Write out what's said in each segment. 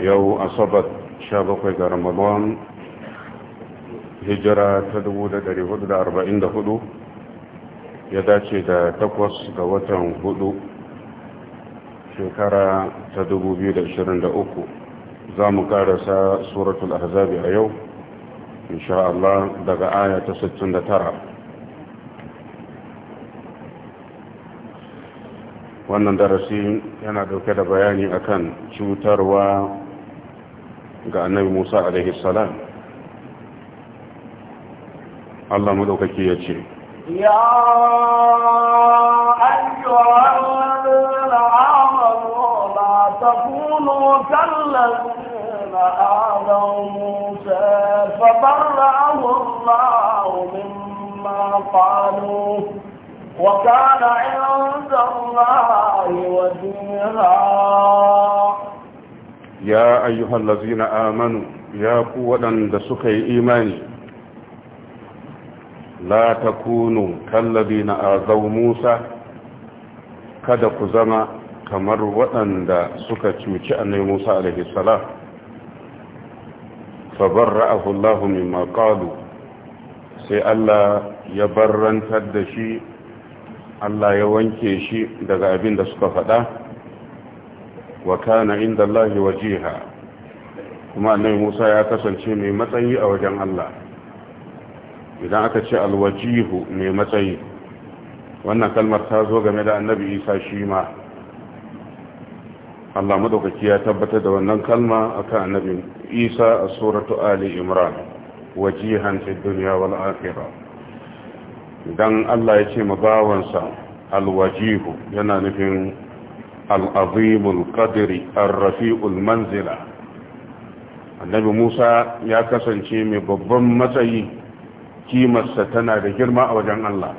yau asabar sha bakwai ga ramadan hijira ta 1444 ya dace da takwas ga watan hudu shekara ta 2023 za mu karasa suratul ahzabi a yau insha Allah daga aya ta 69 wannan darasi yana dauke da bayani akan cutarwa ga annabi musa alaihi salam allah madaukaki ya ce ya ayyuhal amanu la takunu kallazina adaw musa fabarra'ahu allah وكان عند الله وجيها يا أيها الذين آمنوا يا قوة دسخي إيماني لا تكونوا كالذين آذوا موسى kada ku zama kamar waɗanda suka cuci annai Musa alaihi salam fa barra'ahu Allah mimma qalu sai Allah ya barrantar da shi Allah ya wanke shi daga abin da suka faɗa wa kana inda Allah wajiha kuma annabi Musa ya kasance mai matsayi a wajen Allah idan aka ce alwajihu mai matsayi wannan kalmar ta zo game da annabi Isa shi ma Allah madaukaki ya tabbatar da wannan kalma akan annabi Isa a suratu Ali Imran wajihan fid dunya wal akhirah idan Allah ya ce ma bawansa alwajihu yana nufin العظيم القدر الرفيع المنزلة النبي موسى يا كسن شيمي ببن مسي كيما ستنا بجرما وجن الله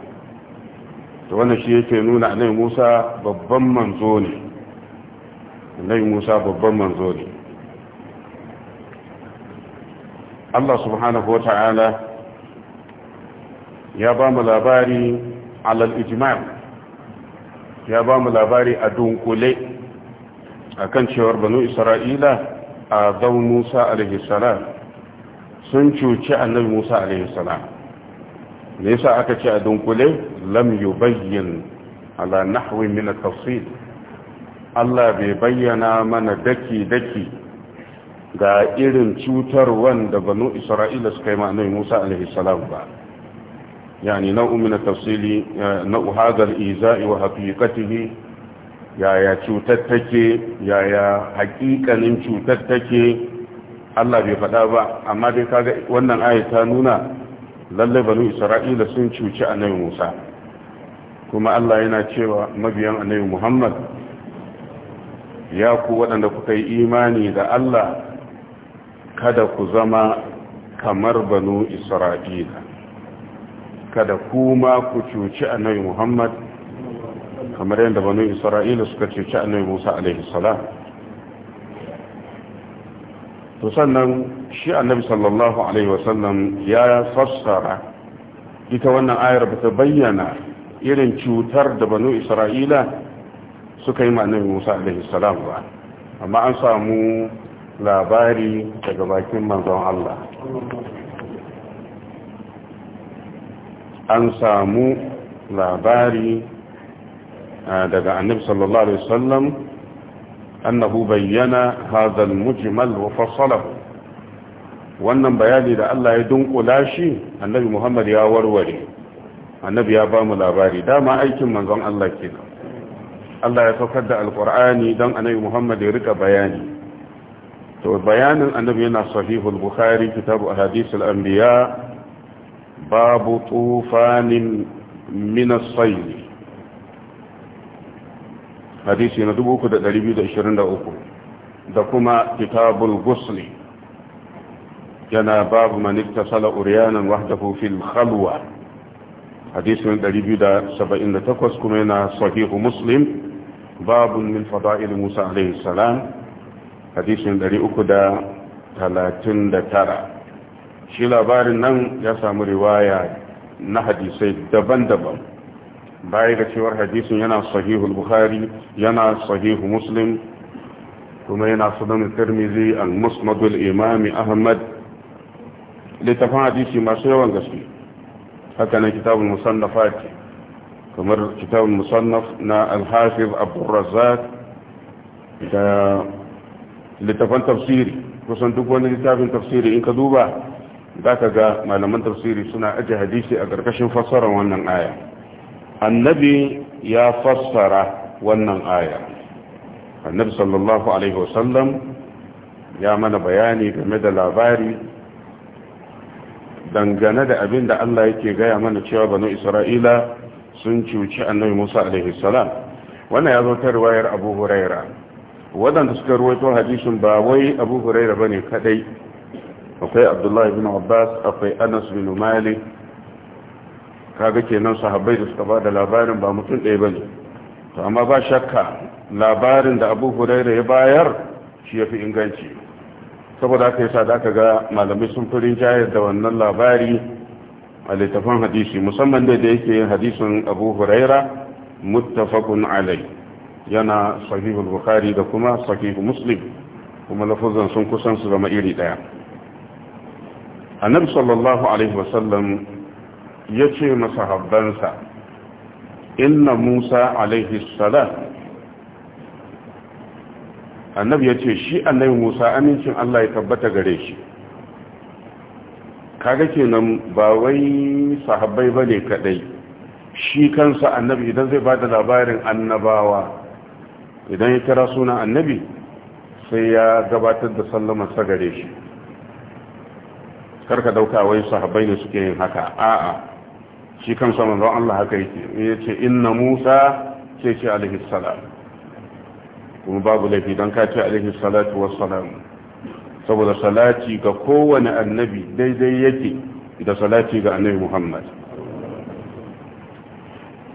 وانا شيء ينون النبي موسى ببن منزوني النبي موسى ببن منزوني الله سبحانه وتعالى يا بام الأباري على الإجمال ya ba mu labari a dunkule akan cewar banu isra'ila a zau musa alaihissalam sun cuci annabi musa alaihissalam me yasa aka ce a dunkule lam yubayyin ala nahwi min at Allah bai bayyana mana daki-daki ga irin cutar wanda banu Isra'ila suka yi ma'anin Musa alaihissalam ba. يعني نوع من التفصيل نوع هذا الإيذاء وحقيقته يا يا شوتتك يا يا حقيقة نم شوتتك الله بفدابة أما دي كاغا وانا آية تانونا للي بنو إسرائيل سن شوشة أنيو موسى كما الله ينا شوى مبيان أنيو محمد يا ku waɗanda kuka إيماني imani الله Allah kada ku zama kamar banu kada kuma ku cuci annabi Muhammad kamar yadda banu Isra'ila suka cuci annabi Musa alaihi salam to sannan shi annabi sallallahu alaihi wasallam ya fassara ita wannan ayar ba ta bayyana irin cutar da banu Isra'ila suka yi ma annabi Musa alaihi salam ba amma an samu labari daga bakin manzon Allah an samu labari ah, daga annabi sallallahu alaihi wasallam annahu bayyana hadha al-mujmal wa fassalahu wannan bayani da Allah ya dunkula shi annabi Muhammad ya warware annabi ya ba mu labari dama aikin manzon Allah kenan Allah ya saukar da alqur'ani dan annabi Muhammad ya rika bayani to bayanin annabi yana sahihul bukhari kitabu ahadithul anbiya babu tufanin minas sayli hadisi na 3223 da kuma kitabul gusli yana babu manita sala uriyanan wahdahu fil khalwa hadisi na 278 kuma yana sahihu muslim babu min fada'il musa alaihi salam hadisi na 339 shi labarin nan ya samu riwaya na hadisai daban-daban baya ga cewar hadisin yana sahihu bukhari yana sahihu muslim kuma yana sunan tirmizi al-musnadul imami ahmad littafin hadisi masu yawan gaske haka nan kitabul musannafat kamar kitabul musannaf na al-hafiz abdurrazzaq da littafin tafsiri kusan duk wani littafin tafsiri in ka duba za ka ga malaman tafsiri suna aje hadisi a ƙarƙashin fassara wannan aya annabi ya fassara wannan aya annabi sallallahu alaihi wasallam ya mana bayani game da labari dangane da abin da Allah yake gaya mana cewa banu isra'ila sun cuci annabi musa alaihi salam wannan ya zo ta riwayar abu huraira waɗanda suka ruwaito hadisin ba wai abu huraira ba ne kaɗai akwai abdullahi bin abbas akwai anas bin malik kaga kenan sahabbai da suka ba da labarin ba mutum ɗaya bane to amma ba shakka labarin da abu huraira ya bayar shi ya fi inganci saboda aka yasa da aka ga malamai sun fi rinjayar da wannan labari a littafin hadisi musamman da yake yin hadisin abu huraira muttafaqun alai yana sahihul bukhari da kuma sahih muslim kuma lafuzan sun kusan su zama iri daya annabi sallallahu alaihi wasallam ya ce masahabbansa inna musa alaihi salam annabi ya ce shi annabi musa amincin allah ya tabbata gare shi kaga kenan ba wai sahabbai ba ne kadai shi kansa annabi idan zai ba da labarin annabawa idan ya kira suna annabi sai ya gabatar da sallamarsa gare shi karka dauka wai sahabbai ne suke yin haka a'a shi kan saman don Allah haka yake ya ce inna musa ce ce alaihi salam kuma babu laifi don ka ce alaihi salatu wassalam saboda salati ga kowane annabi daidai yake da salati ga annabi muhammad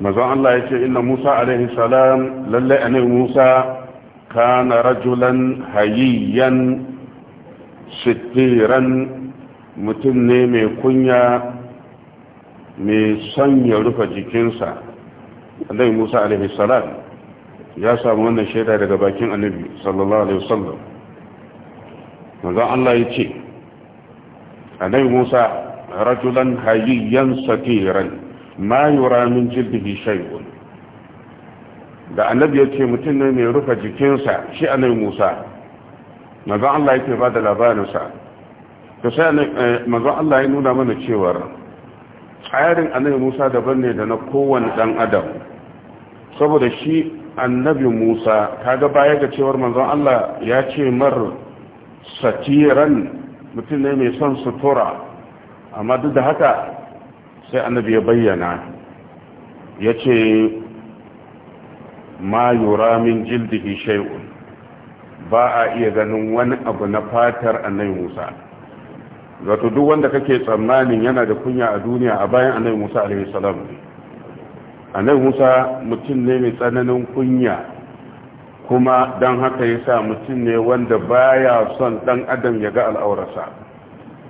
mazan Allah ya ce inna musa alaihi salam lallai annabi musa kana rajulan hayyiyan shittiran mutum ne mai kunya mai sanya rufe jikinsa alai musa alaihi salam ya samu wannan shaida daga bakin annabi sallallahu alaihi wasallam maza Allah ya ce annabi musa rajulan hayyan satiran ma yura min jirgin shay'un da annabi ya ce mutum ne mai rufe jikinsa shi annabi musa maza Allah ya ce ba da labarinsa ta sai eh, manzon Allah ya nuna mana cewa tsarin annabi Musa daban ne da na kowane dan adam saboda shi annabi Musa ta kaga baya ga cewar manzo Allah ya ce mar satiran mutum ne mai son sutura amma duk da haka sai annabi ya bayyana ya ce ma yura min jildihi shay'un ba a iya ganin wani abu na fatar annabi Musa zato duk wanda kake tsammanin yana da kunya a duniya a bayan annabi musa alaihi salam annabi musa mutum ne mai tsananin kunya kuma dan haka yasa sa mutum ne wanda baya son dan adam ya ga al'aurarsa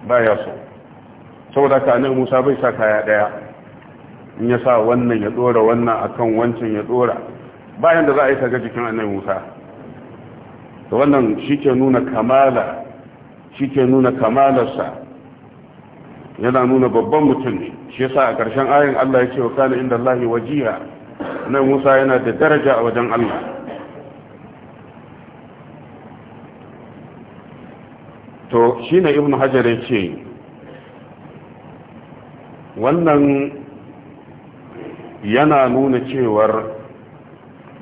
baya so saboda ka annabi musa bai sa kaya daya in ya sa wannan ya dora wannan akan wancan ya dora bayan da za a yi ga jikin annabi musa to wannan shi ke nuna kamala shi ke nuna kamalarsa yana nuna babban mutum ne shi yasa a ƙarshen ayin Allah ya ce wa kana inda Allah wajiha nan Musa yana da daraja a wajen Allah to ne Ibn Hajar ya ce wannan yana nuna cewar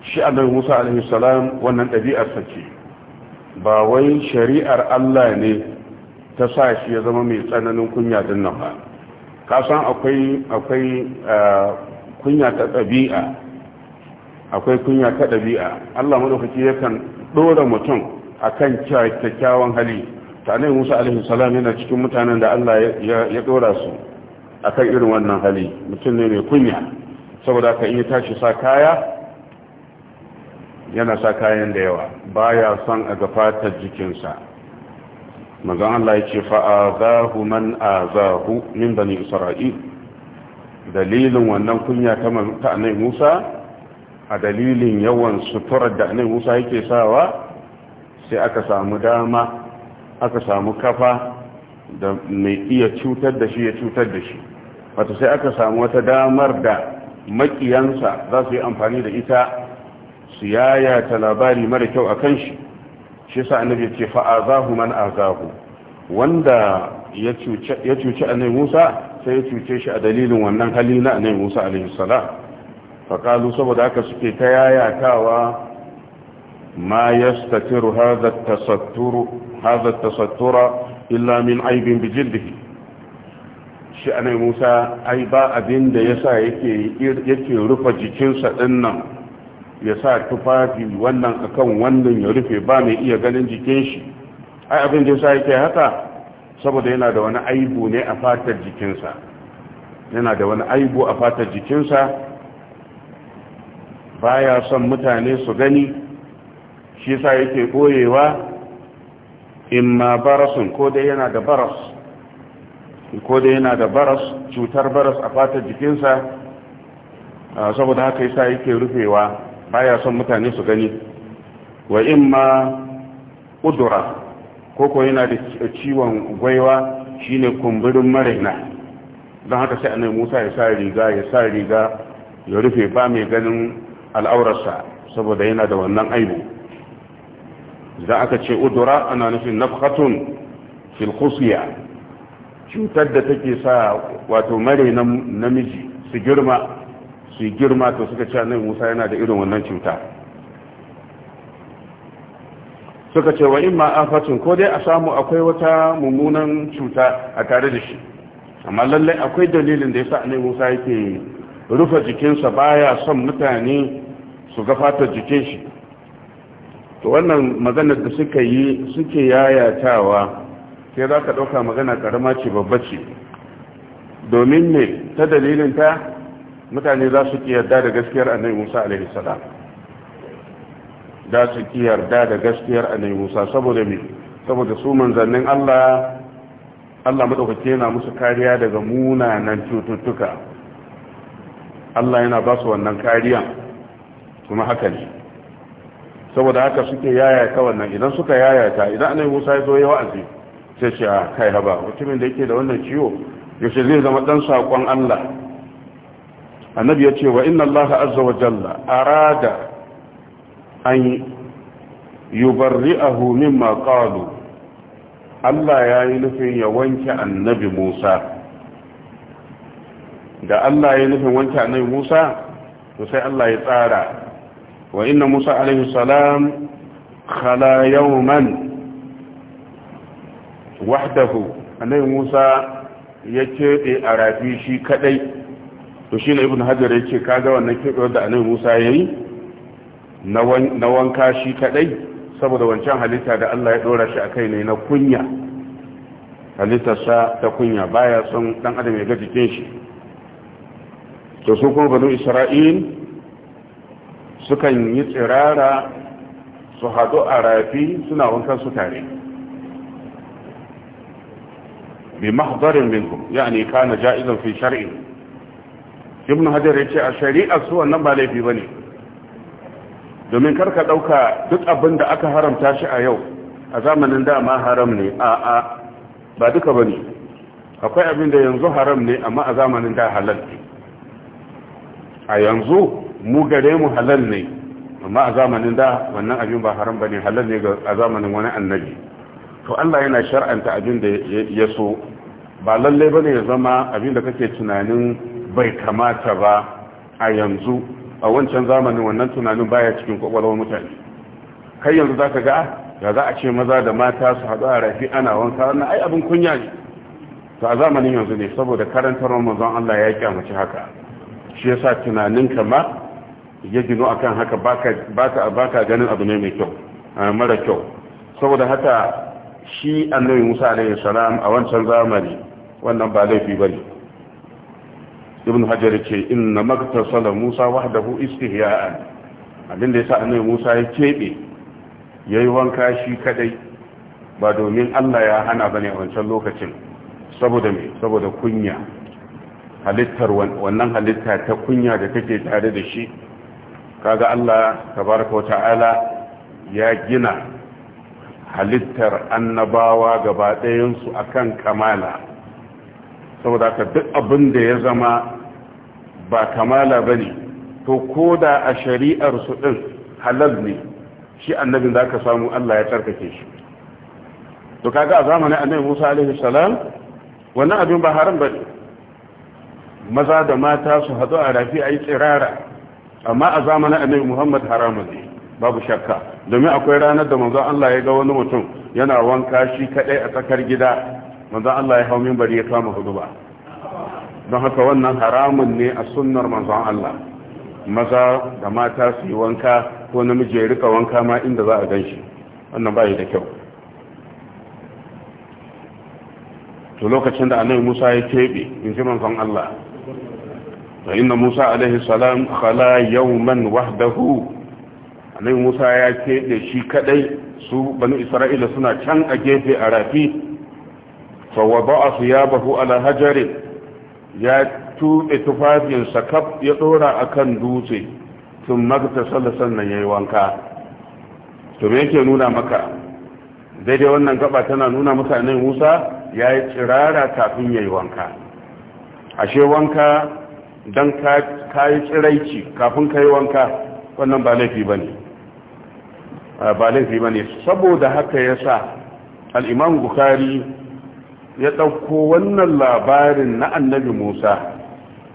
shi a nan Musa alaihi wannan ɗabi'arsa ce ba wai shari'ar Allah ne ta sa shi ya zama mai tsananin kunya din nan ba kasan akwai akwai ah, kunya ta ɗabi'a akwai kunya ta ɗabi'a Allah madaukaki yakan ɗora mutum akan kyakkyawan hali ta ne Musa alaihi salam yana cikin mutanen da Allah ya ɗora su akan irin wannan hali mutum ne mai kunya saboda ka in ya tashi sa kaya yana sa kayan da yawa ba ya son a ga fatar jikinsa manzon Allah ya ce fa'azahu man azahu min bani isra'il dalilin wannan kunya ta anai Musa a dalilin yawan suturar da anai Musa yake sawa sai aka samu dama aka samu kafa da mai iya cutar da shi ya cutar da shi wata sai aka samu wata damar da makiyansa za su yi amfani da ita su yayata labari mara kyau a kan shi shi sa annabi ce fa'azahu man azahu wanda ya cuci annabi Musa sai ya cuce shi a dalilin wannan hali na annabi Musa alaihi salam faqalu saboda haka suke ta yayatawa ma yastatiru hadha at-tasattur hadha at-tasattura illa min aibin bi jildihi shi annabi Musa ai ba abin da yasa yake yake rufe jikinsa dinnan ya sa tufafi wannan akan wannan ya rufe ba mai iya ganin jikin shi ai abin da yasa yake haka saboda yana da wani aibu ne a fatar jikinsa yana da wani aibu a fatar jikinsa baya son mutane su gani shi yasa yake koyewa ma barasun ko dai yana da baras ko dai yana da baras cutar baras a fatar jikinsa saboda haka yasa yake rufewa baya son mutane su gani wa ma udura koko yana da ciwon gwaiwa shine kumburin maraina don haka sai annabi Musa ya sa riga ya sa riga ya rufe ba mai ganin al'aurarsa saboda yana da wannan aibu idan aka ce udura ana nufin nafkhatun fil cutar da take sa wato maraina namiji su girma su yi girma to suka ce annabi musa yana da irin wannan cuta suka ce wa imma afatin ko dai a samu akwai wata mummunan cuta a tare da shi amma lallai akwai dalilin da yasa annabi musa yake rufe jikinsa baya son mutane su ga fatar jikin shi to wannan maganar da suka yi suke yayatawa sai za ka ɗauka magana karama ce babba ce domin ne ta dalilin ta. mutane za su yarda da gaskiyar annabi Musa alaihi salam da su yarda da gaskiyar annabi Musa saboda me saboda su manzannin Allah Allah madaukake yana musu kariya daga munanan cututtuka Allah yana ba su wannan kariya kuma haka ne saboda haka suke yayata wannan idan suka yayata idan annabi Musa ya zo ya wa'azi sai shi a ah, kai haba mutumin da yake da wannan ciwo yaushe zai zama dan sakon Allah annabi ya ce wa inna allaha azza wa jalla arada an yubarri'ahu mimma qalu Allah ya yi nufin ya wanke annabi Musa da Allah ya yi nufin wanke annabi Musa to sai Allah ya tsara wa inna Musa alaihi salam khala yawman wahdahu annabi Musa ya keɓe a rafi shi kadai to shi ne ibn hajar ya ce kaga wannan kebewar da annabi Musa ya yi na wanka shi kadai saboda wancan halitta da Allah ya dora shi a kai ne na kunya halittarsa ta kunya baya son dan adam ya ga jikin shi to su kuma banu isra'il sukan yi tsirara su hadu a rafi suna wankan su tare bi mahdarin minhum yani kana ja'izan fi shar'in ibn hajar ya ce a shari'ar su wannan ba laifi ba ne domin karka ɗauka duk abin da aka haramta shi a yau a zamanin dama haram ne a a ba duka ba ne akwai abin da yanzu haram ne amma a zamanin da halal ne a yanzu mu gare mu halal ne amma a zamanin da wannan abin ba haram ba ne halal ne a zamanin wani annabi to Allah yana shar'anta abin da ya so ba lallai ba ne ya zama abin da kake tunanin bai kamata ba a yanzu a wancan zamanin wannan tunanin baya cikin kwakwalwar mutane kai yanzu za ka ga ya za a ce maza da mata su haɗu a rafi ana wanka na ai abin kunya ne to a zamanin yanzu ne saboda karantar manzon Allah ya kyamaci haka shi yasa tunanin kama ya gino akan haka baka baka ganin abu ne mai kyau mara kyau saboda haka shi annabi Musa alaihi salam a wancan zamani wannan ba laifi bane ibn hajar ce inna maktasala musa wahdahu istihya'an abin da yasa annabi musa ya kebe yayi wanka shi kadai ba domin Allah ya hana bane a wancan lokacin saboda me saboda kunya halittar wannan halitta ta kunya da take tare da shi kaga Allah tabaraka wa ta'ala ya gina halittar annabawa gaba ɗayansu akan kamala saboda ka duk abin da ya zama ba kamala ba ne to ko da a shari'ar su ɗin halal ne shi annabin da aka samu Allah ya tsarkake shi to kaga a zamanin annabi Musa alaihi salam wannan abin ba haram ba ne. maza da mata su haɗu a rafi a yi tsirara amma a zamanin annabi Muhammad haramun ne babu shakka domin akwai ranar da manzon Allah ya ga wani mutum yana wanka shi kaɗai a tsakar gida manzon Allah ya hau minbari ya kama ba don haka wannan haramun ne a sunnar manzon Allah maza da mata su yi wanka ko namiji ya rika wanka ma inda za a gan shi wannan bayi da kyau to lokacin da annabi Musa ya keɓe in ji manzon Allah to inda Musa alaihi salam khala yawman wahdahu annabi Musa ya keɓe shi kadai su Bani Isra'ila suna can a gefe a rafi fawada'a ya ala hajarin ya tuɓe tufafinsa kaf ya ɗora a kan dutse tun magta sallasan nan ya yi wanka to me yake nuna maka daidai wannan gaba tana nuna maka nan musa ya yi tsirara kafin ya wanka ashe wanka don ka tsiraici kafin ka yi wanka wannan ba laifi ba ne ba laifi ba ne saboda haka ya sa al'imam bukari ya ɗauko wannan labarin na annabi musa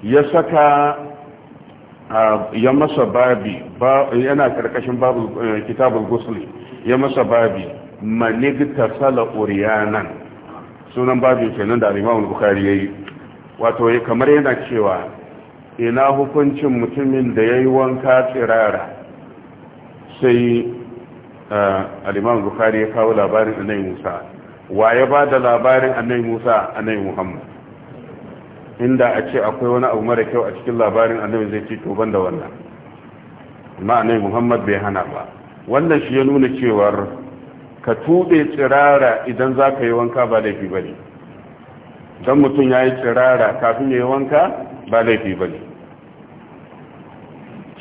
ya saka ya masa babi yana ƙarƙashin eh, kitabul gusli ya masa babi manigta sala uriyanan sunan babin nan da alimawun bukari ya yi wato kamar yana cewa ina hukuncin mutumin da ya yi wanka tsirara sai eh, alimawun bukari ya kawo labarin annabi musa wa ya ba da labarin annabi musa annabi muhammad inda a ce akwai wani abu mara kyau a cikin labarin annabi zai ce to banda wannan amma annabi muhammad bai hana ba wannan shi ya nuna cewar ka tuɓe tsirara idan za ka yi wanka ba laifi ba ne don mutum ya yi tsirara kafin ya yi wanka ba laifi ba ne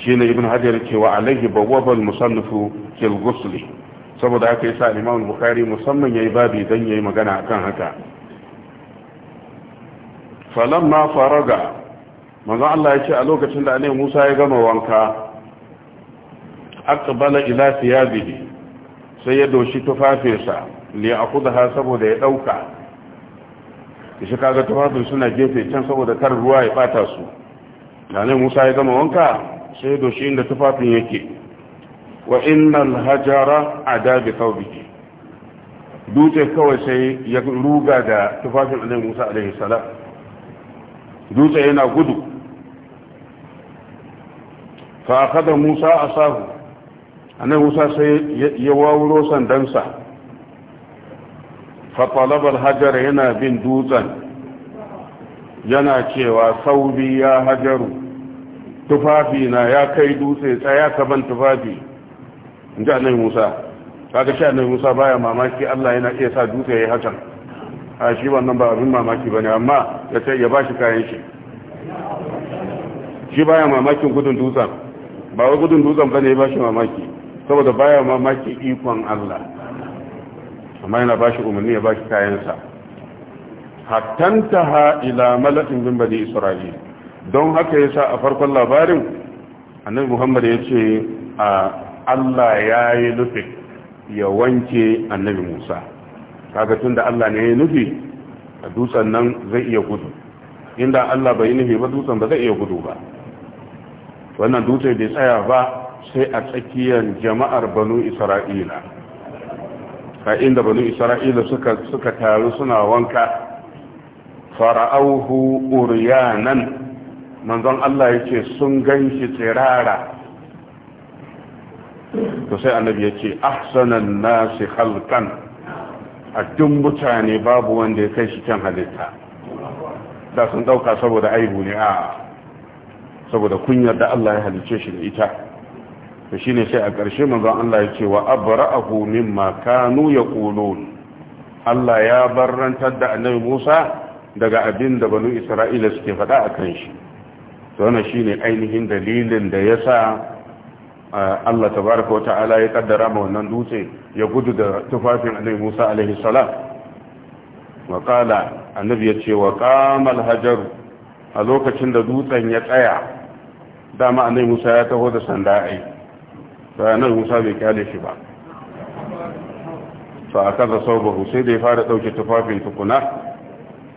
shi ne ibn hajar cewa alaihi bawwabal musannufu kilgusli saboda haka yasa Imam Bukhari musamman yayi babi dan yayi magana akan haka falamma faraga manzo Allah ya ce a lokacin da Annabi Musa ya gama wanka aqbala ila thiyabihi sai ya doshi tufafinsa li akhudha saboda ya dauka shi kaga tufafin suna gefe can saboda kar ruwa ya bata su Annabi Musa ya gama wanka sai ya doshi inda tufafin yake wa innal hajara adabi thawbihi dutse kawai sai ya ruga da tufafin annabi Musa alaihi salam dutse yana gudu fa akhadha Musa asahu annabi Musa sai ya wawuro sandansa fa talaba al yana bin dutsen yana cewa saubi ya hajaru tufafi na ya kai dutse tsaya ka ban tufafi in ji annabi musa kaga shi annabi musa baya mamaki allah yana iya sa dutse ya yi hakan a shi wannan ba abin mamaki ba ne amma ya ce ya bashi kayan shi shi baya mamakin gudun dutsen ba wai gudun dutsen ba ne ya bashi mamaki saboda baya mamaki ikon allah amma yana bashi umarni ya bashi kayan kayansa hattanta ha ila malakin bin bani isra'ila don haka yasa a farkon labarin annabi muhammad ya ce a Allah ya yi nufi ya wanke annabi Musa kaga da Allah ne ya yi nufi a dutsen nan zai iya gudu inda Allah bai yi nufi ba dutsen ba zai iya gudu ba wannan dutse bai tsaya ba sai a tsakiyar jama'ar banu Isra'ila ka inda banu Isra'ila suka suka taru suna wanka fara'auhu uriyanan manzon Allah yake sun ganshi tsirara to sai annabi ya ce ahsanan nasi halkan a duk mutane babu wanda ya kai shi kyan halitta da sun dauka saboda aibu ne a saboda kunyar da Allah ya halice shi da ita to shine sai a ƙarshe manzon Allah ya ce wa abra'ahu mimma kanu yaqulun Allah ya barrantar da annabi Musa daga abin da banu Isra'ila suke faɗa a kan shi to wannan shine ainihin dalilin da yasa Eh, Allah tabaraka wa ta'ala ya kaddara ma wannan dutse ya gudu da tufafin annabi Musa alaihi salam wa qala annabi ya ce wa qama hajar a lokacin da dutsen ya tsaya dama annabi Musa ya taho da sanda ai sai annabi Musa bai kyale shi ba fa akaza sawbahu sai da ya fara dauke tufafin tukuna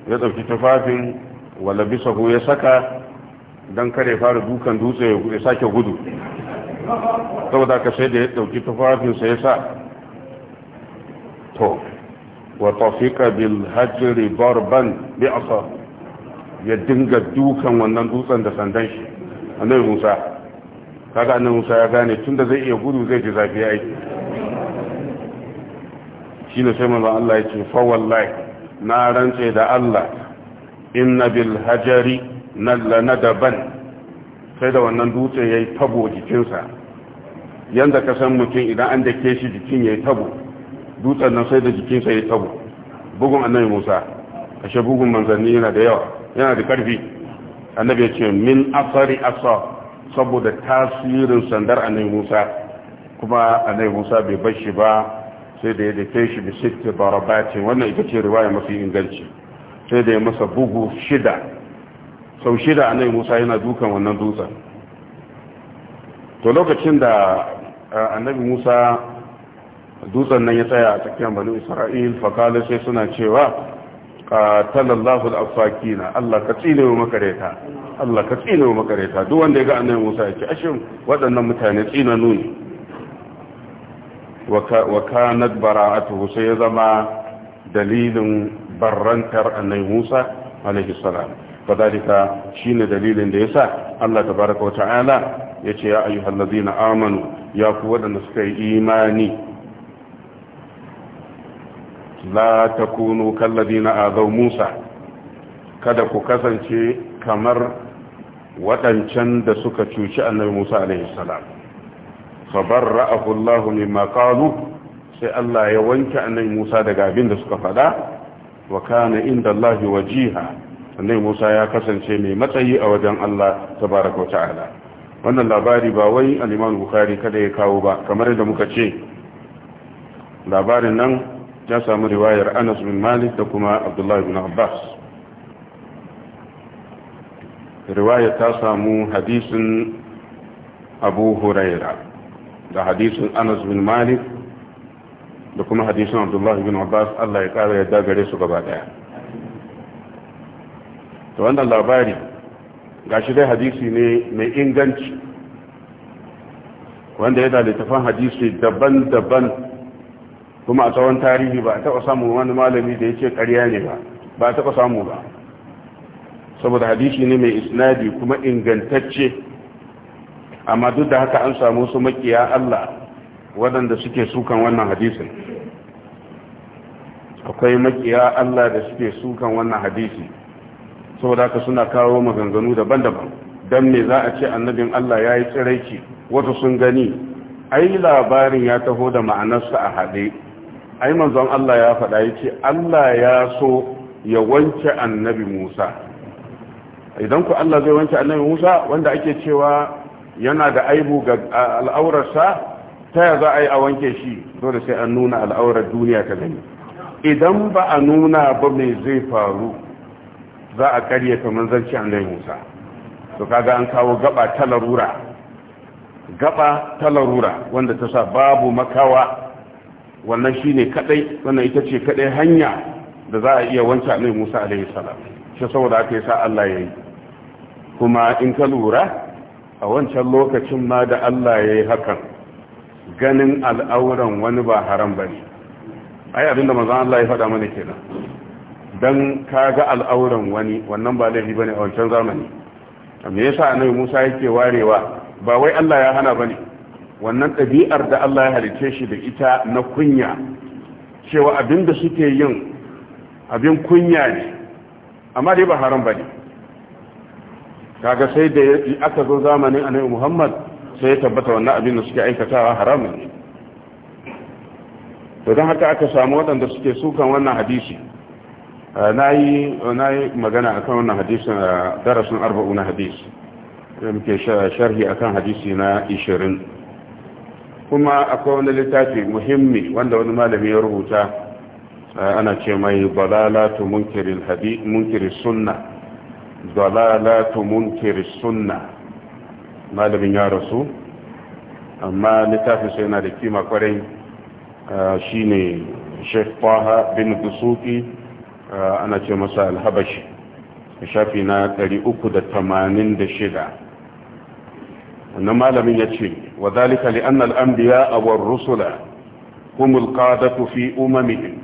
ya ɗauki tufafin wala bisahu ya saka dan kare fara dukan dutse ya sake gudu saboda ka sai da ya dauki tufafinsa ya sa to wa tafiqa bil hajri barban bi asa ya dinga dukan wannan dutsen da sandan shi annabi Musa kaga annabi Musa ya gane tunda zai iya gudu zai ji zafi ai shine sai manzo Allah ya ce fa wallahi na rantse da Allah inna bil hajri nalla nadaban sai da wannan dutse ya yi tabo jikinsa yadda ka san mutum idan an dake shi jikin ya yi tabo dutsen nan sai da jikinsa ya yi tabo bugun annabi musa ashe bugun manzanni yana da yawa yana da karfi annabi ya ce min asari asa saboda tasirin sandar annabi musa kuma annabi musa bai bar shi ba sai da ya dake shi bisitti barabati wannan ita ce riwaya mafi inganci sai da ya masa bugu shida sau shida annabi musa yana dukan wannan dutsen to lokacin da annabi musa dutsen nan ya tsaya a tsakiyar Bani isra'il fakali sai suna cewa talallahu da afakina Allah ka tsine wa makareta Allah ka tsine wa makareta duk wanda ya ga annabi musa ya ce ashin waɗannan mutane tsina nuni wa kanat bara'atuhu sai ya zama dalilin barrantar annabi musa alaihi salam fadalika shine dalilin da yasa Allah tabaraka wata'ala yace ya ayyuhallazina amanu ya ku wadanda suka yi imani la takunu kallazina azaw Musa kada ku kasance kamar wadancan da suka cuci annabi Musa alaihi salam fabarra'ahu Allah mimma qalu sai Allah ya wanke annabi Musa daga abin da suka fada wa kana inda Allah wajiha annabi Musa ya kasance mai matsayi a wajen Allah tabaraka wa ta'ala wannan labari ba wai al-Imam Bukhari kada ya kawo ba kamar yadda muka ce labarin nan ya samu riwayar Anas bin Malik da kuma Abdullah bin Abbas riwayar ta samu hadisin Abu Huraira da hadisin Anas bin Malik da kuma hadisin Abdullah bin Abbas Allah ya kara ya dagare su gaba daya to wannan labari gashi dai hadisi ne mai inganci wanda ya da hadisi daban-daban kuma a tsawon tarihi ba a taɓa samun wani malami da ya ce ƙarya ne ba ba a taɓa samu ba saboda hadisi ne mai isnadi kuma ingantacce amma duk da haka an samu su makiya Allah waɗanda suke sukan wannan hadisin akwai makiya Allah da suke sukan wannan hadisi saboda haka suna kawo maganganu daban-daban don me za a ce annabin Allah ya yi tsiraici wasu sun gani ai labarin ya taho da ma'anarsa a haɗe ai manzon Allah ya faɗa ya ce Allah ya so ya wanke annabi Musa idan ku Allah zai wanke annabi Musa wanda ake cewa yana da aibu ga al'aurarsa ta ya za a yi a wanke shi dole sai an nuna al'aurar duniya ta gani idan ba a nuna ba mai zai faru za a karyata manzanci annabi Musa to kaga an kawo gaba ta larura gaba ta larura wanda ta sa babu makawa wannan shi ne kadai wannan ita ce kadai hanya da za a iya wanke annabi Musa alaihi salam shi saboda aka yi sa Allah ya yi kuma in ka lura a wancan lokacin ma da Allah ya yi hakan ganin al'auran wani ba haram ba ne ai abinda mazan Allah ya faɗa mana kenan Idan ka ga al'auran wani wannan ba laifi bane a wancan zamani me yasa annabi Musa yake warewa ba wai Allah ya hana bane wannan ɗabi'ar da Allah ya halice shi da ita na kunya cewa abin da suke yin abin kunya ne amma dai ba haram bane kaga sai da aka zo zamanin annabi Muhammad sai ya tabbata wannan abin da suke aikatawa haramun ne to don haka aka samu waɗanda suke sukan wannan hadisi Eh, na yi magana akan wannan hadisin a eh, darasin arba'u na hadisi da muke sharhi akan hadisi na 20 kuma akwai wani littafi muhimmi wanda wani malami ya rubuta eh, ana ce mai balalatu munkirin sunna balalatu munkirin sunna malamin ya rasu amma littafin sai yana da kima kwarai shine shekwaha bin dusuki ana ce masa alhabashi shafi na 386 wannan malamin ya ce wa zalika li annal anbiya awar rusula humul qadatu fi umamihim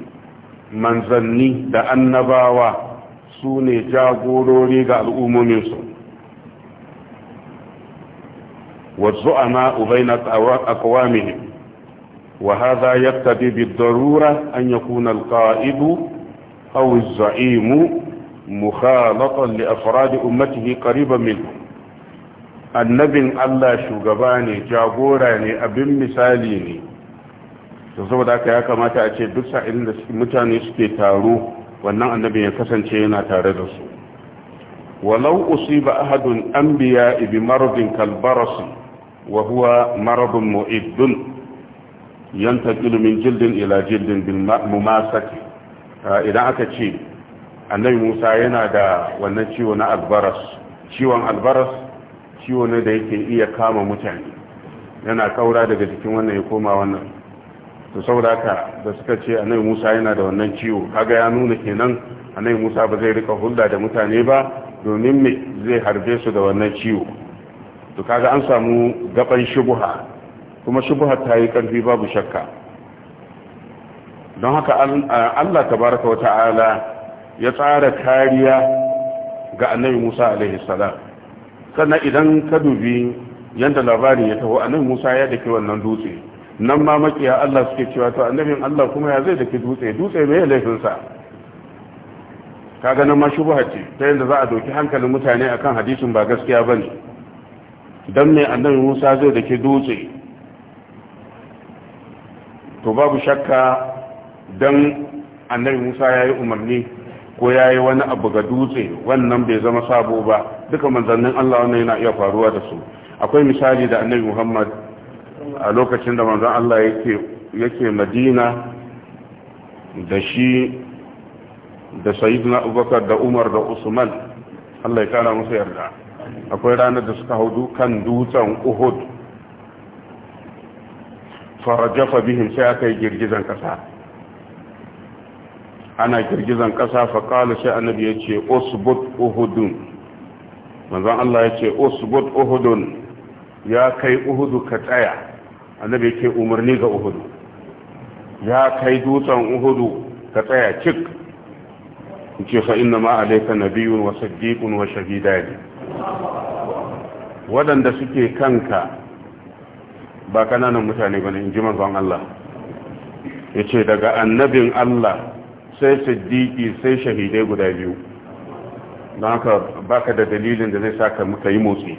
manzanni da annabawa su ne jagorori ga al'ummominsu wasu ana ubaina akwamihim wa haza yattabi bi darura an yakuna alqa'idu أو الزعيم مخالطا لأفراد أمته قريبا منه annabin Allah shugaba ne jagora ne abin misali ne da saboda haka ya kamata a ce duk sa'ilin mutane suke taru, wannan annabin ya kasance yana tare da su walau usiba ahadun anbiya bi maradin kalbaras wahuwa huwa maradun mu'iddun yantaqilu min jildin ila jildin bil mumasaki Ah, idan aka ce annabi musa yana da wannan ciwo na albaras ciwon albaras ciwo ne da yake iya kama mutane yana kaura daga jikin wannan ya koma wannan to saboda haka da suka ce annabi musa yana da wannan ciwo kaga ya nuna kenan annabi musa ba zai rika hulɗa da mutane ba domin me zai harbe su da wannan ciwo to kaga an samu gaban shubuha kuma shubuha ta yi karfi babu shakka don haka Allah baraka wa ta'ala ya tsara kariya ga annabi Musa alaihi salam sannan idan ka dubi yanda labarin ya taho annabi Musa ya dake wannan dutse nan ma makiya Allah suke cewa to annabin Allah kuma ya zai dake dutse dutse mai laifin sa kaga ma shubha ce ta yanda za a doki hankalin mutane akan hadisin ba gaskiya bane dan me annabi Musa zai dake dutse to babu shakka don annabi musa ya yi umarni ko ya yi wani abu ga dutse wannan bai zama sabo ba duka manzannin allah wannan yana iya faruwa da su akwai misali da annabi muhammad a lokacin da manzan allah yake madina da shi da na abubakar da umar da usman allah ya kara musu yarda akwai ranar da suka hau kan dutsen uhud farajafa bihim sai aka yi girgizan kasa ana girgizan ƙasa faƙalu sai annabi ya ce osbut uhudun manzan Allah ya ce osbut uhudun ya kai uhudu ka tsaya annabi yake umarni ga uhudu ya kai dutsen uhudu ka tsaya cik ce fa inna ma alaika nabiyun wa saddiqun wa shahidani waɗanda suke kanka ba kananan mutane bane in ji manzon Allah yace daga annabin Allah sai siddiƙi sai shahidai guda biyu don haka baka da dalilin da zai ka muka yi motsi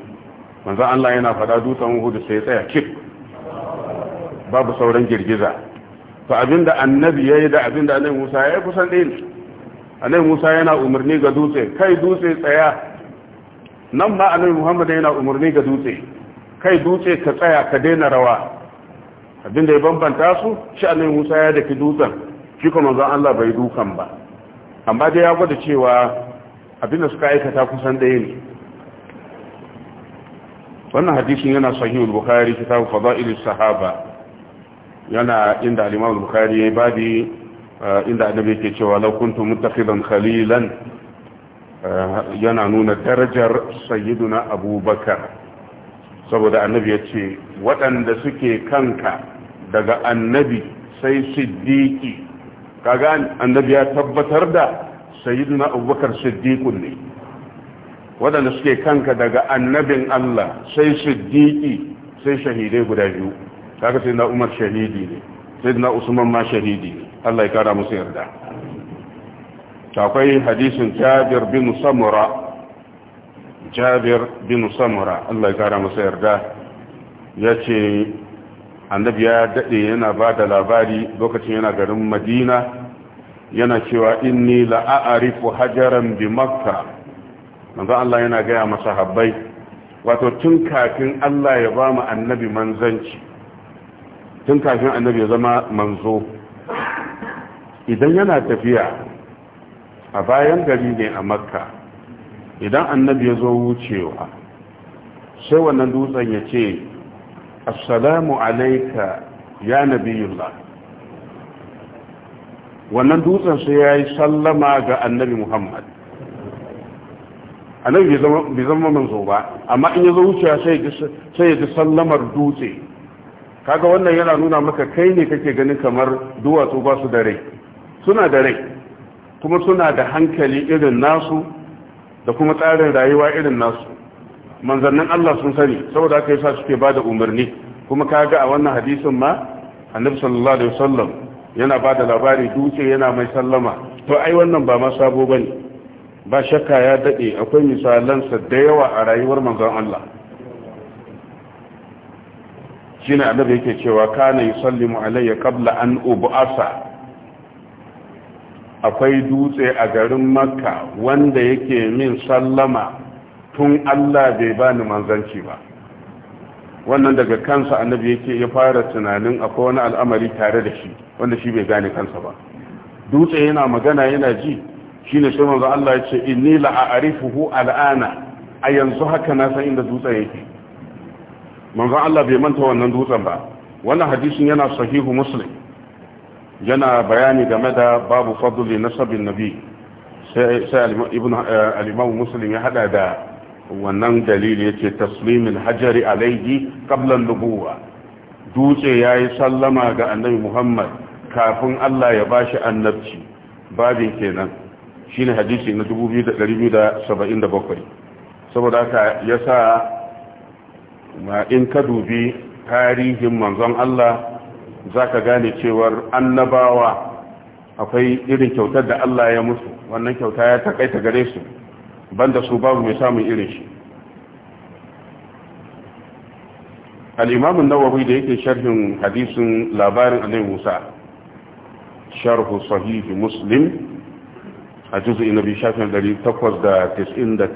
manzo Allah yana faɗa dutsen hudu sai tsaya kif babu sauran girgiza to abinda annabi ya yi da abinda annabi Musa yi kusan ɗin annabi Musa yana umarni ga dutse kai dutse tsaya nan ma annabi Muhammad yana umarni ga dutse kai dutse ka tsaya ka daina rawa abinda ya bambanta su shi annabi Musa ya daki dutsen shi kuma manzon Allah bai dukan ba amma dai ya gwada cewa abinda suka aikata kusan ɗaya ne wannan hadisin yana sahihul bukhari kitabu fadailus sahaba yana inda al-imam al-bukhari ya babi eh, inda annabi yake cewa law kuntum muttakhidan khalilan eh, yana nuna darajar sayyiduna abubakar saboda annabi ya ce waɗanda suke kanka daga annabi sai siddiqi kaga annabi ya tabbatar da sayyiduna abubakar siddiqun ne waɗanda suke kanka daga annabin Allah sai siddiqi sai shahidai guda biyu kaga sayyiduna umar shahidi ne sayyiduna usman ma shahidi ne Allah ya kara musu yarda akwai hadisin jabir bin samura jabir bin samura Allah ya kara musu yarda ya ce annabi ya daɗe yana ba da labari lokacin yana garin madina yana cewa inni la'arifu hajaran bi makka manzo Allah yana gaya masa habbai wato tun kafin Allah ya ba mu annabi manzanci tun kafin annabi ya zama manzo idan yana tafiya a bayan gari ne a makka idan annabi ya zo wucewa sai wannan dutsen ya ce assalamu alaika ya nabiyullah wannan dutsen sai ya yi sallama ga annabi muhammad annabi bai zama manzo ba amma in ya zo wuciya sai ya ji sallamar dutse kaga wannan yana nuna maka kai ne kake ganin kamar duwatsu ba su da rai suna da rai kuma suna da hankali irin nasu da kuma tsarin rayuwa irin nasu manzannin Allah sun sani saboda aka yasa suke ba da umarni kuma ka ga a wannan hadisin ma annabi sallallahu alaihi wasallam yana ba da labari duke yana mai sallama to ai wannan ba ma sabo bane ba shakka ya daɗe, akwai misalansa da yawa a rayuwar manzon Allah shine annabi yake cewa kana yusallimu alayya qabla an ub'asa akwai dutse a garin makka wanda yake min sallama tun Allah bai bani manzanci ba wannan daga kansa annabi yake ya fara tunanin akwai wani al'amari tare da shi wanda shi bai gane kansa ba dutse yana magana yana ji shine sai manzo Allah ya ce inni la a'rifuhu al'ana a yanzu haka na san inda dutsen yake manzo Allah bai manta wannan dutsen ba wannan hadisin yana sahihu muslim yana bayani game da babu fadli nasabin nabi sai eh, al-imam muslim ya hada da wannan dalili yace taslimin hajari alaihi qablan nubuwa dutse yayi sallama ga annabi Muhammad kafin Allah ya bashi annabci babin kenan shine hadisi na 2277 saboda haka yasa ma in ka dubi tarihin manzon Allah zaka gane cewar annabawa akwai irin kyautar da Allah ya musu wannan kyauta ya takaita gare su banda su babu mai samun irin shi al'imamun nawawi da yake sharhin hadisin labarin annabi musa sharhu sahihi muslim a juzu'i na biyu shafin 899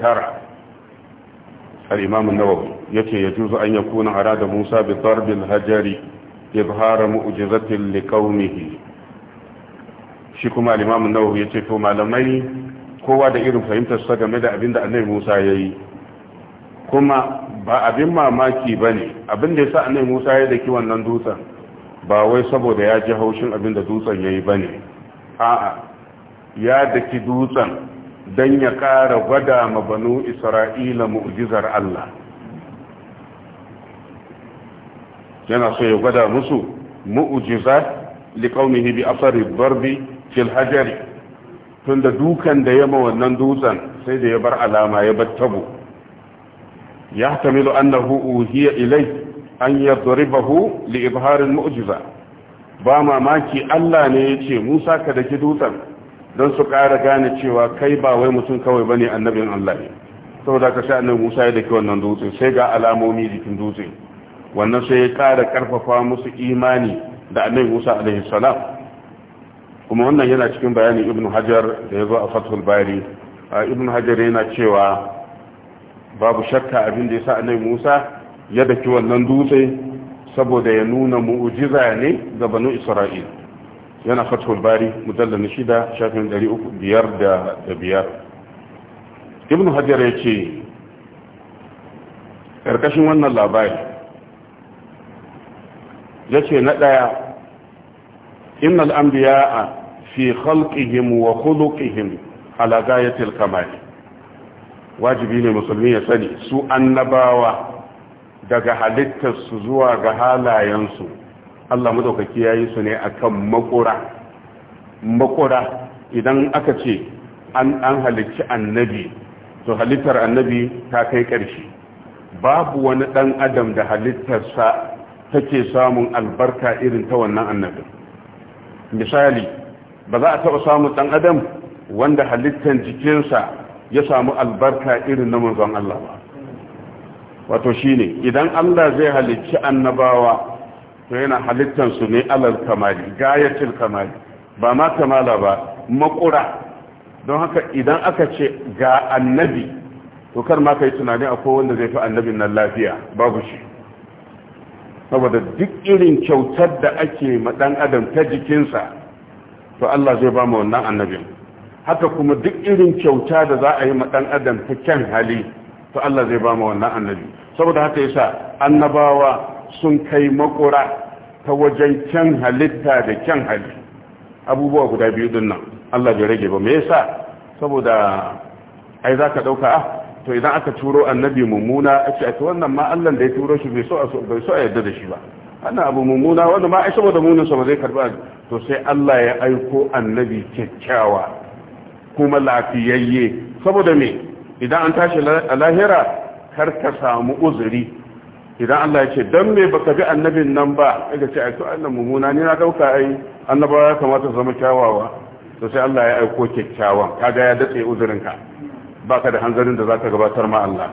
al'imamun nawawi yake ya juzu an yakuna ara da musa bi darbin hajari izhara mu'jizatin liqaumihi shi kuma al'imamun nawawi ya ce to malamai kowa da irin fahimtarsa game da abin da annabi musa ya yi kuma ba abin mamaki ba ne abin da ya sa annabi musa ya daki wannan dutsen ba wai saboda ya ji haushin abin da dutsen ya yi ba ne a'a ya daki dutsen don ya ƙara gwada ma banu isra'ila mu'jizar allah yana so ya gwada musu mu'jizar liƙaunihi bi asari barbi fil hajari tunda dukan da yama wannan dutsen sai da ya bar alama ya bar tabo ya tamilu annahu uhiya ilai an yadribahu li izharin mu'jiza ba mamaki Allah ne yace Musa ka daki dutsen don su ƙara gane cewa kai ba wai mutum kawai bane annabin Allah ne saboda ka sai annabi Musa ya daki wannan dutsen sai ga alamomi jikin dutsen wannan sai ya ƙara karfafa musu imani da annabi Musa alaihi salam kuma wannan yana cikin bayanin ibn hajar da ya zo a fathul bari a ibnu hajar yana cewa babu shakka abin da ya sa nai musa ya daki wannan dutse saboda ya nuna mu'ujiza ne ga banu isra'il yana fatul bari mujallal na shida shafin dari uku biyar da biyar ibn hajar ya ce ƙarƙashin wannan labari ya ce na ɗaya innal anbiya'a fi khalqihim wa khuluqihim ya gayatil kamal wajibi ne musulmi ya sani su annabawa daga halittarsu zuwa ga halayensu Allah madaukaki yi su ne akan makura makura idan aka ce an an halicci annabi to halittar annabi ta kai ƙarshe babu wani ɗan adam da halittarsa take samun albarka irin ta wannan annabin misali ba za a taɓa samun ɗan adam wanda halittar jikinsa ya samu albarka irin na manzon Allah ba wato shine idan Allah zai halicci annabawa to yana halittar su ne alal kamali gayatul kamali ba ma kamala ba makura don haka idan aka ce ga annabi to kar ma kai tunani akwai wanda zai fi annabin nan lafiya babu shi saboda duk irin kyautar da ake ma dan adam ta jikinsa to Allah zai ba mu wannan annabin haka kuma duk irin kyauta da za a yi ma dan adam ta kyan hali to Allah zai ba mu wannan annabi saboda haka yasa annabawa sun kai makura ta wajen kyan halitta da kyan hali abubuwa guda biyu dinnan, Allah bai rage ba me yasa saboda ai zaka ɗauka ah to idan aka turo annabi mummuna a ce aka wannan ma allan da ya turo shi bai so a yadda da shi ba ana abu mummuna wanda ma ai saboda munin sa ba zai karba to sai Allah ya aiko annabi kyakkyawa kuma lafiyayye saboda me idan an tashi a lahira kar ka samu uzuri idan Allah ya ce don me baka bi annabin nan ba kaga ce ai to Allah mummuna ni na dauka ai annabawa ya kamata su zama kyawawa to sai Allah ya aiko kyakkyawan kaga ya datse uzurinka ka da hanzarin da ka gabatar ma Allah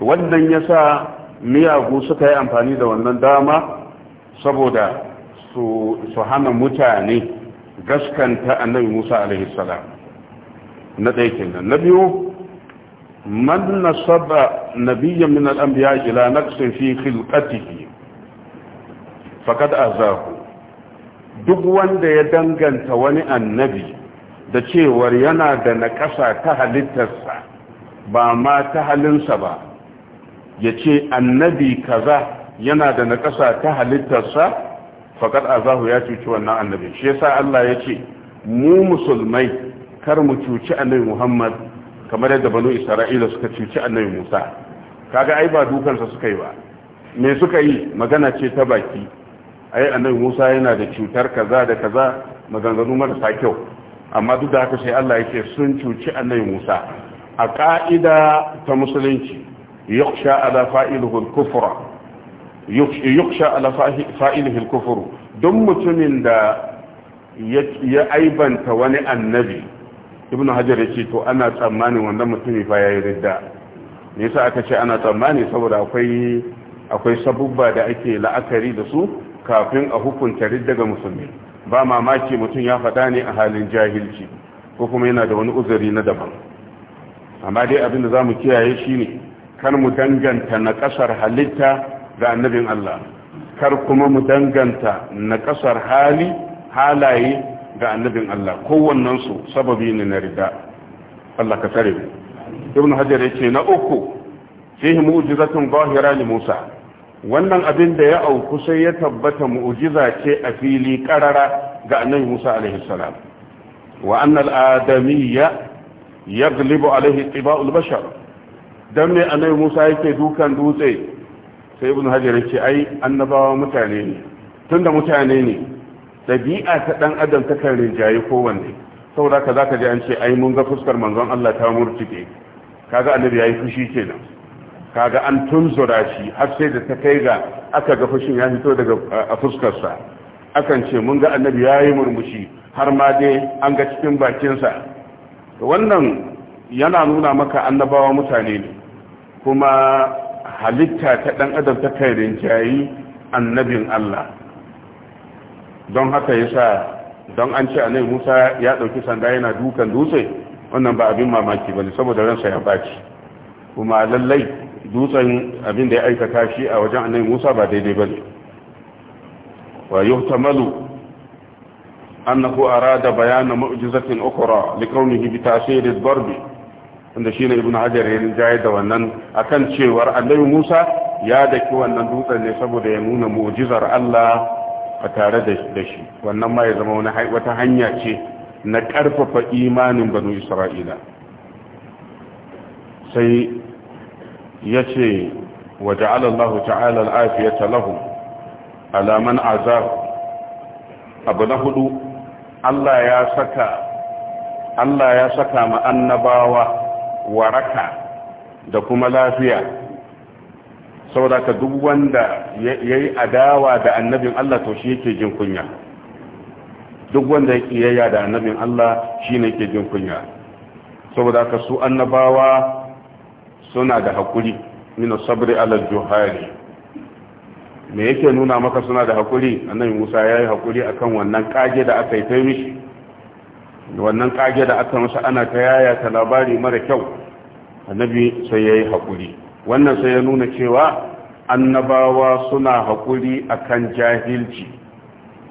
wannan yasa miyagu suka yi amfani da wannan dama saboda su hana mutane gaskanta annabi Musa alaihi salam na ɗaya kenan na biyu man nasaba nabiyyan min al ila naqsin fi khilqatihi faqad azahu duk wanda ya danganta wani annabi da cewar yana da naƙasa ta halittarsa ba ma ta halinsa ba ya ce annabi kaza yana da naƙasa ta halittarsa faƙar azahu ya cuci wannan annabi shi yasa Allah ya ce mu musulmai kar mu cuci annabi Muhammad kamar yadda banu Isra'ila suka cuci annabi Musa kaga ai ba dukansa suka yi ba me suka yi magana ce ta baki ai annabi Musa yana da cutar kaza da kaza maganganu marasa kyau amma duk da haka sai Allah yake sun cuci annabi Musa a ka'ida ta musulunci yuksha ala fa'iluhu al-kufra yuksha ala fa'iluhu al-kufr don mutumin da ya aibanta wani annabi ibn hajar yake to ana tsammanin wannan mutumi fa yayi ridda ne yasa aka ce ana tsammani saboda akwai akwai sabubba da ake la'akari da su kafin a hukunta ridda ga musulmi ba mamaki mutum ya faɗa ne a halin jahilci ko kuma yana da wani uzuri na daban amma dai abinda za mu kiyaye shi ne kar mu danganta na ƙasar halitta ga annabin Allah kar kuma mu danganta na ƙasar hali halaye ga annabin Allah kowannensu sababi ne na riga. Allah ka tsare mu ibn hajar yake na uku fihi mu'jizatun zahira li Musa wannan abin da ya auku sai ya tabbata mu'jiza ce a fili karara ga annabi Musa alaihi salam wa anna al-adamiyya yaglibu alaihi tiba'ul bashar dan me annabi Musa yake dukan dutse sai ibn hajar yake ai annabawa mutane ne tunda mutane ne dabi'a ta dan adam ta kan rinjaye kowanne saboda ka zaka ji an ce ai mun ga fuskar manzon Allah ta murtike kaga annabi yayi fushi kenan kaga an tunzura shi har sai da ta kai ga aka ga fushin ya fito daga a fuskarsa akan ce mun ga annabi ya yi murmushi har ma dai an ga cikin bakinsa wannan yana nuna maka annabawa mutane ne kuma halitta ta ɗan adam ta kai rinjayi annabin Allah don haka yasa don an ce annabi Musa ya ɗauki sanda yana dukan dutse wannan ba abin mamaki ba ne saboda ransa ya baci kuma lallai dutsen abin da ya aikata shi a wajen annabi Musa ba daidai bane wa yuhtamalu annahu arada bayana mu'jizatin ukhra likawnihi bi ta'sir ad-darb inda shine ibnu hajar ya da wannan akan cewar annabi Musa ya daki wannan dutsen ne saboda ya nuna mu'jizar Allah a tare da shi wannan ma ya zama wata hanya ce na karfafa imanin banu Isra'ila sai ce waja'ala Allah ta'ala al'afiyata lahum ala man azab abu na hudu Allah ya saka ma annabawa waraka da kuma lafiya saboda ka duk wanda yi adawa da annabin Allah to shi yake jin kunya duk wanda da annabin Allah shine yake jin kunya saboda ka su annabawa suna da hakuri min sabri ala juhari me yake nuna maka suna da hakuri annabi Musa yayi hakuri akan wannan kage da aka yi ta mishi wannan kage da aka masa ana ta yaya ta labari mara kyau annabi sai yayi hakuri wannan sai ya nuna cewa annabawa suna hakuri akan jahilci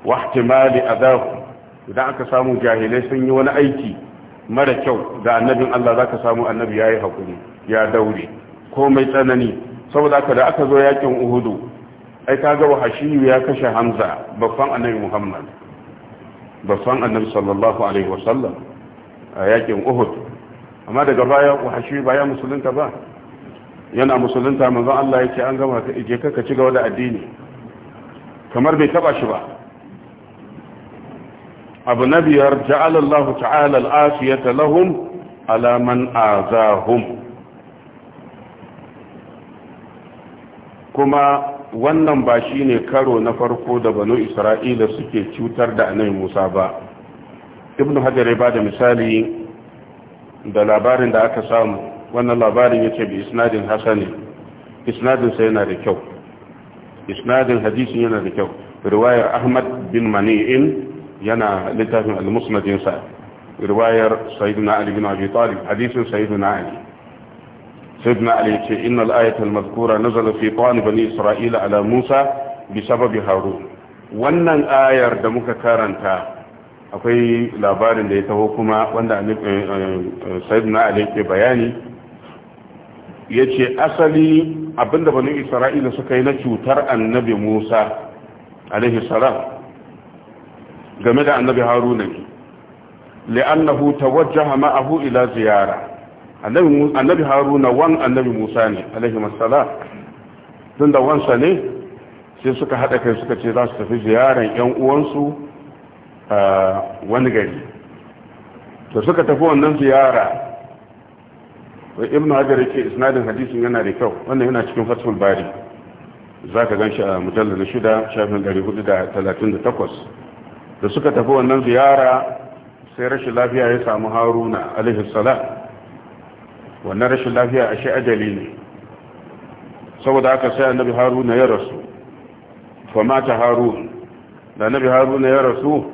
wa ihtimali adahu idan aka samu jahilai sun yi wani aiki mara kyau da annabin Allah zaka samu annabi yayi hakuri ya daure komai tsanani saboda haka da aka zo yakin uhudu ai kaga wahashiyu ya kashe hamza babban annabi muhammad babban annabi sallallahu alaihi wasallam a yakin uhud amma daga baya wahashi baya musulunta ba yana musulunta manzon Allah ce an gama ka ije ka ci gaba da addini kamar bai taba shi ba abu na biyar ja'ala Allah ta'ala al'asiyata lahum ala man azahum kuma wannan ba shi ne karo na farko da banu isra'ila suke cutar da anai musa ba ibn hajar ya ba da misali da labarin da aka samu wannan labarin ya ce bi isnadin hasani isnadinsa yana da kyau isnadin hadisin yana da kyau riwayar ahmad bin mani'in yana littafin al-musnadinsa riwayar sayyidina ali bin abi talib hadisin sayyidina ali سيدنا علي يقول إن الآية المذكورة نزل في طعن بني إسرائيل على موسى بسبب هارون wannan ayar da muka karanta akwai labarin da ya taho kuma sayyidina ali ke bayani ya ce asali abinda banin isra'ila suka yi na cutar annabi musa alaihi salam game da annabi haruna ne li'annahu tawajjaha ma'ahu ila ziyara annabi haruna wan annabi musa ne alaihi masala tun da wansa ne sai suka haɗa kai suka ce za su tafi ziyarar yan uwansu a wani gari to suka tafi wannan ziyara wai ibnu hajar yake isnadin hadisin yana da kyau wannan yana cikin fatul bari za ka gan shi a mujallar na shida shafin 438 da suka tafi wannan ziyara sai rashin lafiya ya samu haruna alaihi salam wannan rashin lafiya a shi ajali ne saboda haka sai annabi haruna ya rasu famata harun da annabi haruna ya rasu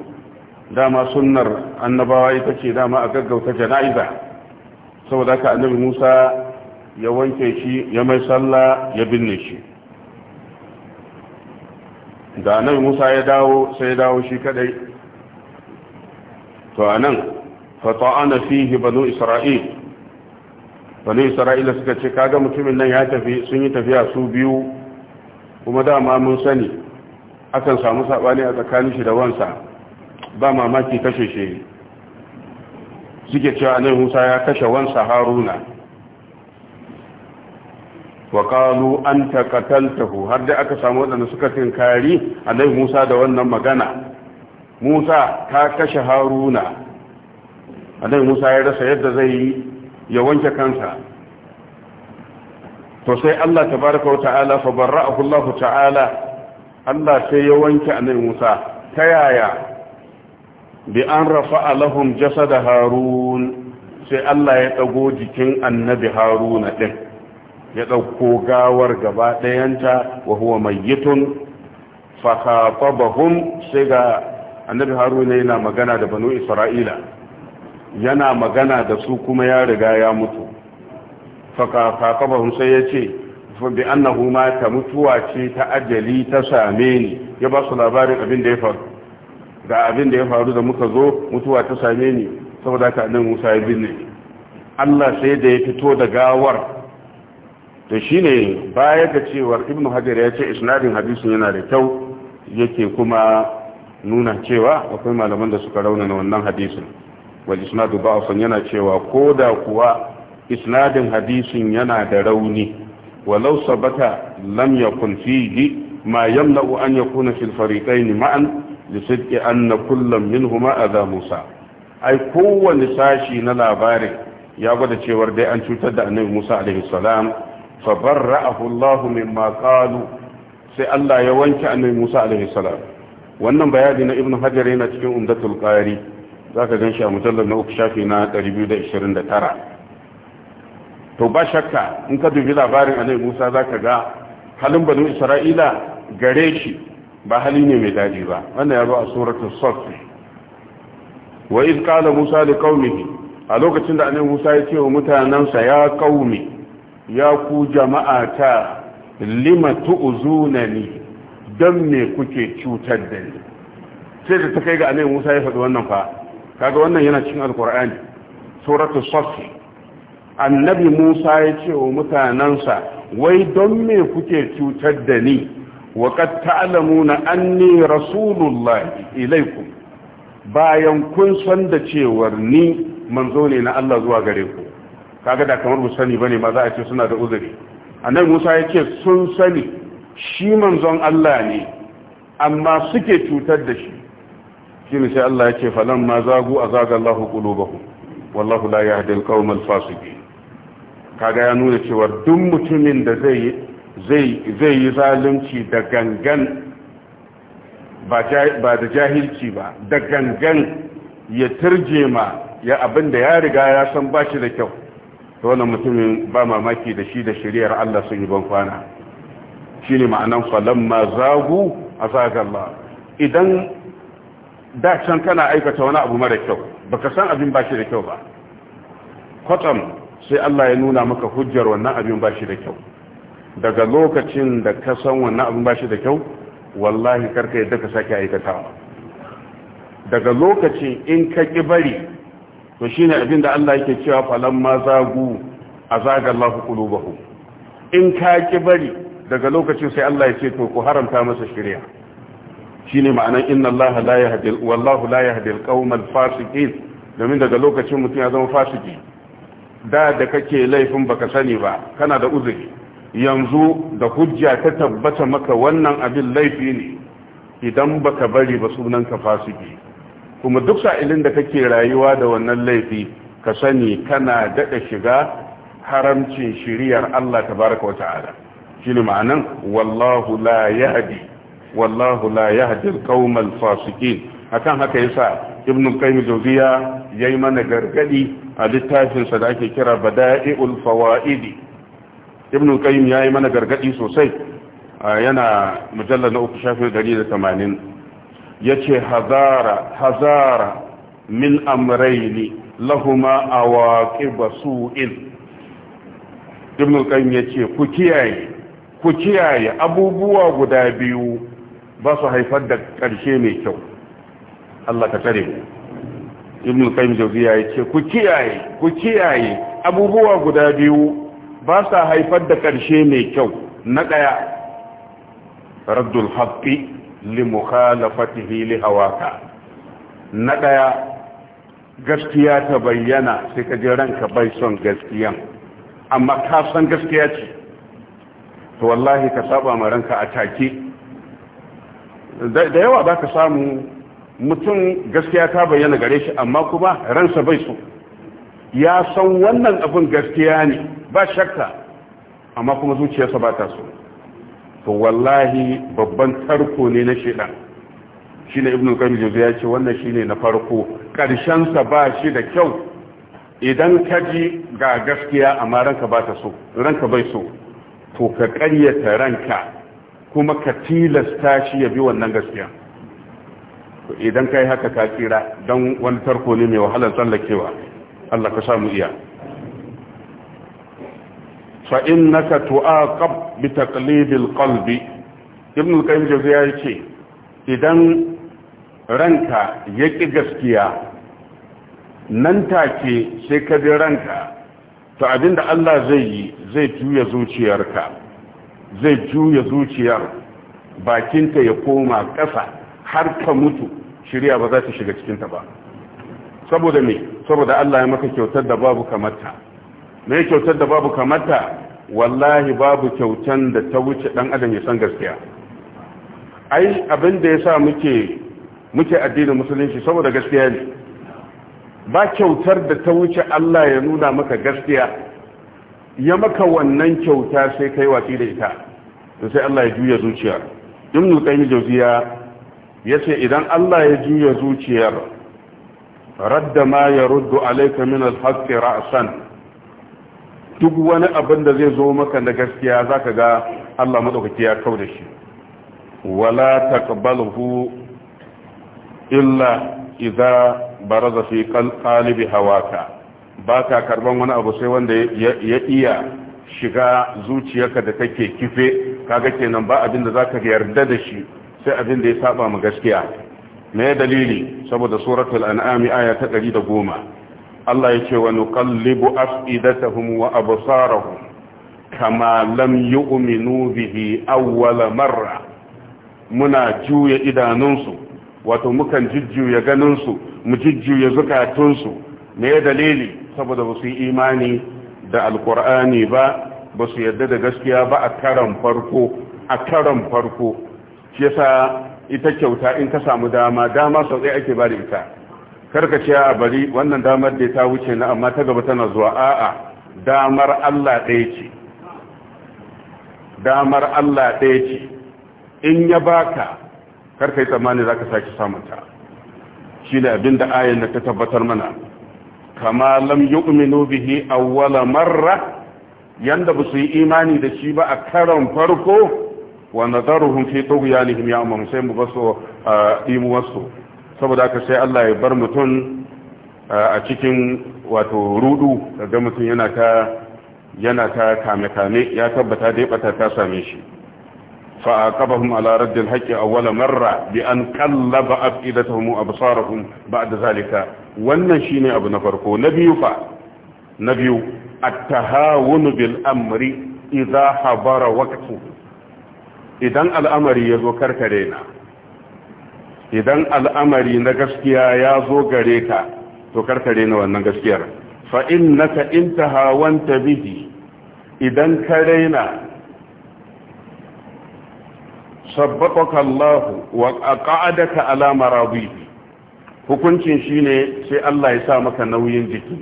dama sunnar annabawa ita ce dama a gaggauta jana'iza saboda haka annabi musa ya wanke shi ya mai sallah ya binne shi da annabi musa ya dawo sai ya dawo shi kadai to anan fata'ana fihi banu isra'il bani isra'ila suka ce kaga mutumin nan ya tafi sun yi tafiya su biyu kuma dama mun sani akan samu sabani a tsakanin shi da wansa ba mamaki kashe shi suke cewa annabi Musa ya kashe wansa Haruna wa kalu anta qataltahu har da aka samu wadanda suka tinkari annabi Musa da wannan magana Musa ka kashe Haruna annabi Musa ya rasa yadda zai yi ya wanke kansa to sai Allah tabaraka wa ta'ala fa barra'ahu Allah ta'ala Allah sai ya wanke annabi Musa ta yaya bi an rafa'a lahum jasad Harun sai Allah ya dago jikin annabi Haruna din ya dauko gawar gaba dayanta wa huwa mayyitun fa khatabahum sai ga annabi Haruna yana magana da banu Isra'ila yana magana da su kuma ya riga ya mutu fakakabahun sai ya ce bi annahu ma ta mutuwa ce ta ajali ta same ni ya ba su labarin abin da ya faru ga abin da ya faru da muka zo mutuwa ta same ni saboda ka nan musa ya binne Allah sai da ya fito da gawar to shine baya ga cewa ibnu hajar ya ce isnadin hadisin yana da kyau yake kuma nuna cewa akwai malaman da suka na wannan hadisin wal isnadu da'afun yana cewa ko da kuwa isnadin hadisin yana da rauni walau sabata lam yakun fihi ma yamna'u an yakuna fil fariqayn ma'an li sidqi anna kullam minhuma adha Musa ai kowanne sashi na labarin ya gwada cewar dai an cutar da annabi Musa alaihi salam fa barra'ahu Allah mimma qalu sai Allah ya wanke annabi Musa alaihi salam wannan bayani na Ibnu Hajar yana cikin Umdatul Qari za ka gan shi a mujallar na uku shafi na 229 to ba shakka in ka dubi labarin alai musa za ka ga halin banu isra'ila gare shi ba hali ne mai daji ba wannan ya zo a suratul safi wa iz qala musa da qaumihi a lokacin da annabi musa ya ce wa mutanansa ya qaumi ya ku jama'ata lima ni, dan me kuke cutar da ni sai da ta kai ga annabi musa ya faɗi wannan fa kaga wannan yana cikin alkur'ani suratul saff annabi Musa ya ce wa mutanansa wai don me kuke cutar da ni wa qad ta'lamuna anni rasulullah ilaikum bayan kun san da cewar ni manzo ne na Allah zuwa gare ku kaga da kamar ku sani bane ma za a ce suna da uzuri annabi Musa ya ce sun sani shi manzon Allah ne amma suke cutar da shi ne sai Allah yake falan ma zagu azaga Allahu qulubahum wallahu la yahdi al-qawm kaga ya nuna cewa duk mutumin da zai zai zai yi zalunci da gangan ba da jahilci ba da gangan ya turje ma ya abinda ya riga ya san bashi da kyau to wannan mutumin ba mamaki da shi da shari'ar Allah sun yi ban kwana shine ma'anan ma zagu a Allah idan da can kana aikata wani abu mara kyau baka san abin ba da kyau ba kwatsam sai Allah ya nuna maka hujjar wannan abin ba shi da kyau daga lokacin da ka san wannan abin ba da kyau wallahi karka yadda ka sake aikatawa daga lokacin in ka ki bari to shine abin da Allah yake cewa ma zagu a Allahu qulubahum in ka ki bari daga lokacin sai Allah ya ce to ku haramta masa shari'a shine ma'anan inna Allah la yahdi wallahu la yahdi al fasiqin domin daga lokacin mutum ya zama fasiki da da kake laifin baka sani ba kana da uzuri yanzu da hujja ta tabbata maka wannan abin laifi ne idan baka bari ba sunanka fasiki kuma duk sa'ilin da kake rayuwa da wannan laifi ka sani kana daɗa shiga haramcin shiriyar Allah tabaraka wata'ala shine ma'anan wallahu la yahdi wallahu la yahdi al-qaum al akan haka yasa ibn qayyim jawziya yayi mana gargadi a littafin sa da ake kira bada'iul fawaid ibn qayyim yayi mana gargadi sosai yana mujallal na uku shafi 180 yace hazara hazara min amrayni lahuma awaqib su'in ibn qayyim yace ku kiyaye ku kiyaye abubuwa guda biyu ba su haifar da ƙarshe mai kyau Allah ka tare ibn qayyim jawziya yace ku kiyaye ku kiyaye abubuwa guda biyu ba sa haifar da ƙarshe mai kyau na daya raddul haqqi li mukhalafatihi li hawaka na daya gaskiya ta bayyana sai ka ji ranka bai son gaskiya. amma ka san gaskiya ce to wallahi ka saba ma ranka a take da yawa ba ka samu mutum gaskiya ta bayyana gare shi amma kuma ransa bai so ya san wannan abin gaskiya ne ba shakka amma kuma zuciyarsa ba ta so to wallahi babban tarko ne na shedan shi ne qayyim juzu ya ce wannan shine na farko karshen sa ba shi da kyau idan ka ji ga gaskiya amma ranka ba ta so ranka bai so to ka ƙaryata ranka kuma ka tilasta shi ya bi wannan gaskiya idan kai haka ka tsira don wani tarko ne mai wahalar tsallakewa Allah ka samu iya fa tu'a tu'aqab bi taqlibil ƙalbi, ibn al-qayyim ya yace idan ranka ƙi gaskiya nan take sai ka bi ranka to abinda Allah zai yi zai tuya zuciyarka zai juya zuciyar bakinta ya koma ƙasa har ka mutu shirya ba za ta shiga cikinta ba saboda me saboda Allah ya maka kyautar da babu kamata me kyautar da babu kamata wallahi babu kyautan da ta wuce dan adam ya san gaskiya ai abin da yasa muke muke addinin musulunci saboda gaskiya ne ba kyautar da ta wuce Allah ya nuna maka gaskiya ya maka wannan kyauta sai kai watsi da ita to sai Allah ya juya zuciyar ibn qayyim jawziya yace idan Allah ya juya zuciyar radda ma yaruddu alayka min al-haqqi ra'san duk wani abin da zai zo maka da gaskiya zaka ga Allah madaukaki ya da shi wala taqbaluhu illa idza baraza fi qalbi hawaka ba ka karban wani abu sai wanda ya iya shiga zuciyarka da kake kife kaga kenan ba abin da zaka yarda da shi sai abin da ya saba ma gaskiya me dalili saboda suratul an'am aya ta 110 Allah yake wa nuqallibu af'idatahum wa absarahum kama lam yu'minu bihi awwala marra muna juya idanunsu wato mukan jujjuya ganinsu mu jujjuya zukatunsu me dalili saboda ba su yi imani da alkur'ani ba ba su yadda da gaskiya ba a karan farko a karan farko shi yasa ita kyauta in ka samu dama dama sau ɗaya ake bari ita karka ce a bari wannan damar da ta wuce na amma ta gaba tana zuwa a'a damar Allah ɗaya ce damar Allah ɗaya ce in ya baka karka yi tsammani za ka sake samunta shi ne abin da ayan da ta tabbatar mana kama yi yu'minu bihi awwala marra yanda ba su yi imani da shi ba a karon farko wa nazaruhum fi tughyanihim ya'mamu sai mu baso imu wasu saboda haka sai Allah ya bar mutum a cikin wato rudu daga mutum yana ta kame kame ya tabbata dai bata ta same shi fa aqabahum ala radd al-haqqi awwala marra bi an qallaba afidatahum ba da zalika wannan shine abu na farko na biyu fa na biyu at-tahawun bil amri idza habara waqtu idan al'amari yazo karkare na idan al'amari na gaskiya ya zo gare ka to karkare na wannan gaskiyar fa innaka intahawanta bihi idan ka raina sabbataka Allah wa qa'adaka ala marabihi hukuncin shine sai Allah ya sa maka nauyin jiki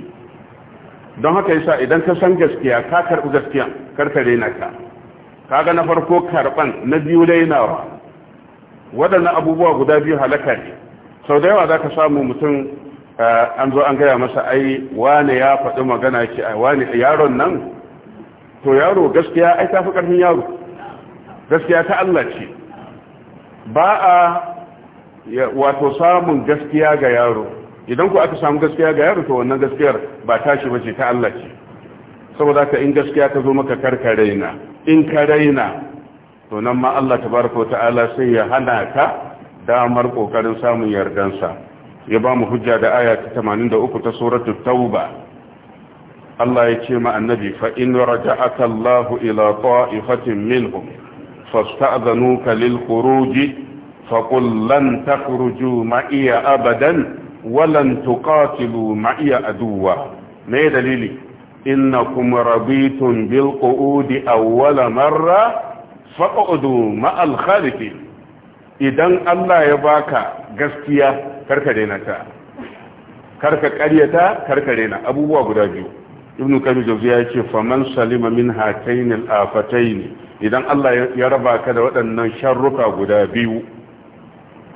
don haka yasa idan ka san gaskiya ka karbi gaskiya karka daina ka ga na farko karɓan na biyu dainawa waɗannan abubuwa guda biyu halaka ne sau da yawa za ka samu mutum eh, an zo an gaya masa ai wane ya faɗi magana ki a wane yaron nan to yaro gaskiya ai ta fi ƙarfin yaro gaskiya ta Allah ce ba a wato samun gaskiya ga yaro idan ku aka samu gaskiya ga yaro to wannan gaskiyar ba tashi bace ta Allah ce saboda ka in gaskiya ta zo maka karka raina in ka raina to nan ma Allah tabaraka ta'ala sai ya hana ka damar kokarin samun yardansa ya ba mu hujja da aya ta 83 ta suratu tauba Allah ya ce ma annabi fa in raja'aka Allah ila ta'ifatin minhum fasta'dhanuka lil khuruji فقل لن تخرجوا معي أبدا ولن تقاتلوا معي عدوا ما دليلي إنكم رضيتم بالقعود أول مرة فاقعدوا مع الخالفين idan Allah ya baka gaskiya karka daina ta karka karyata karka daina abubuwa guda biyu ibn qayyim jawziya yace faman salima min hatayn al afatayn idan Allah ya raba ka da waɗannan sharruka guda biyu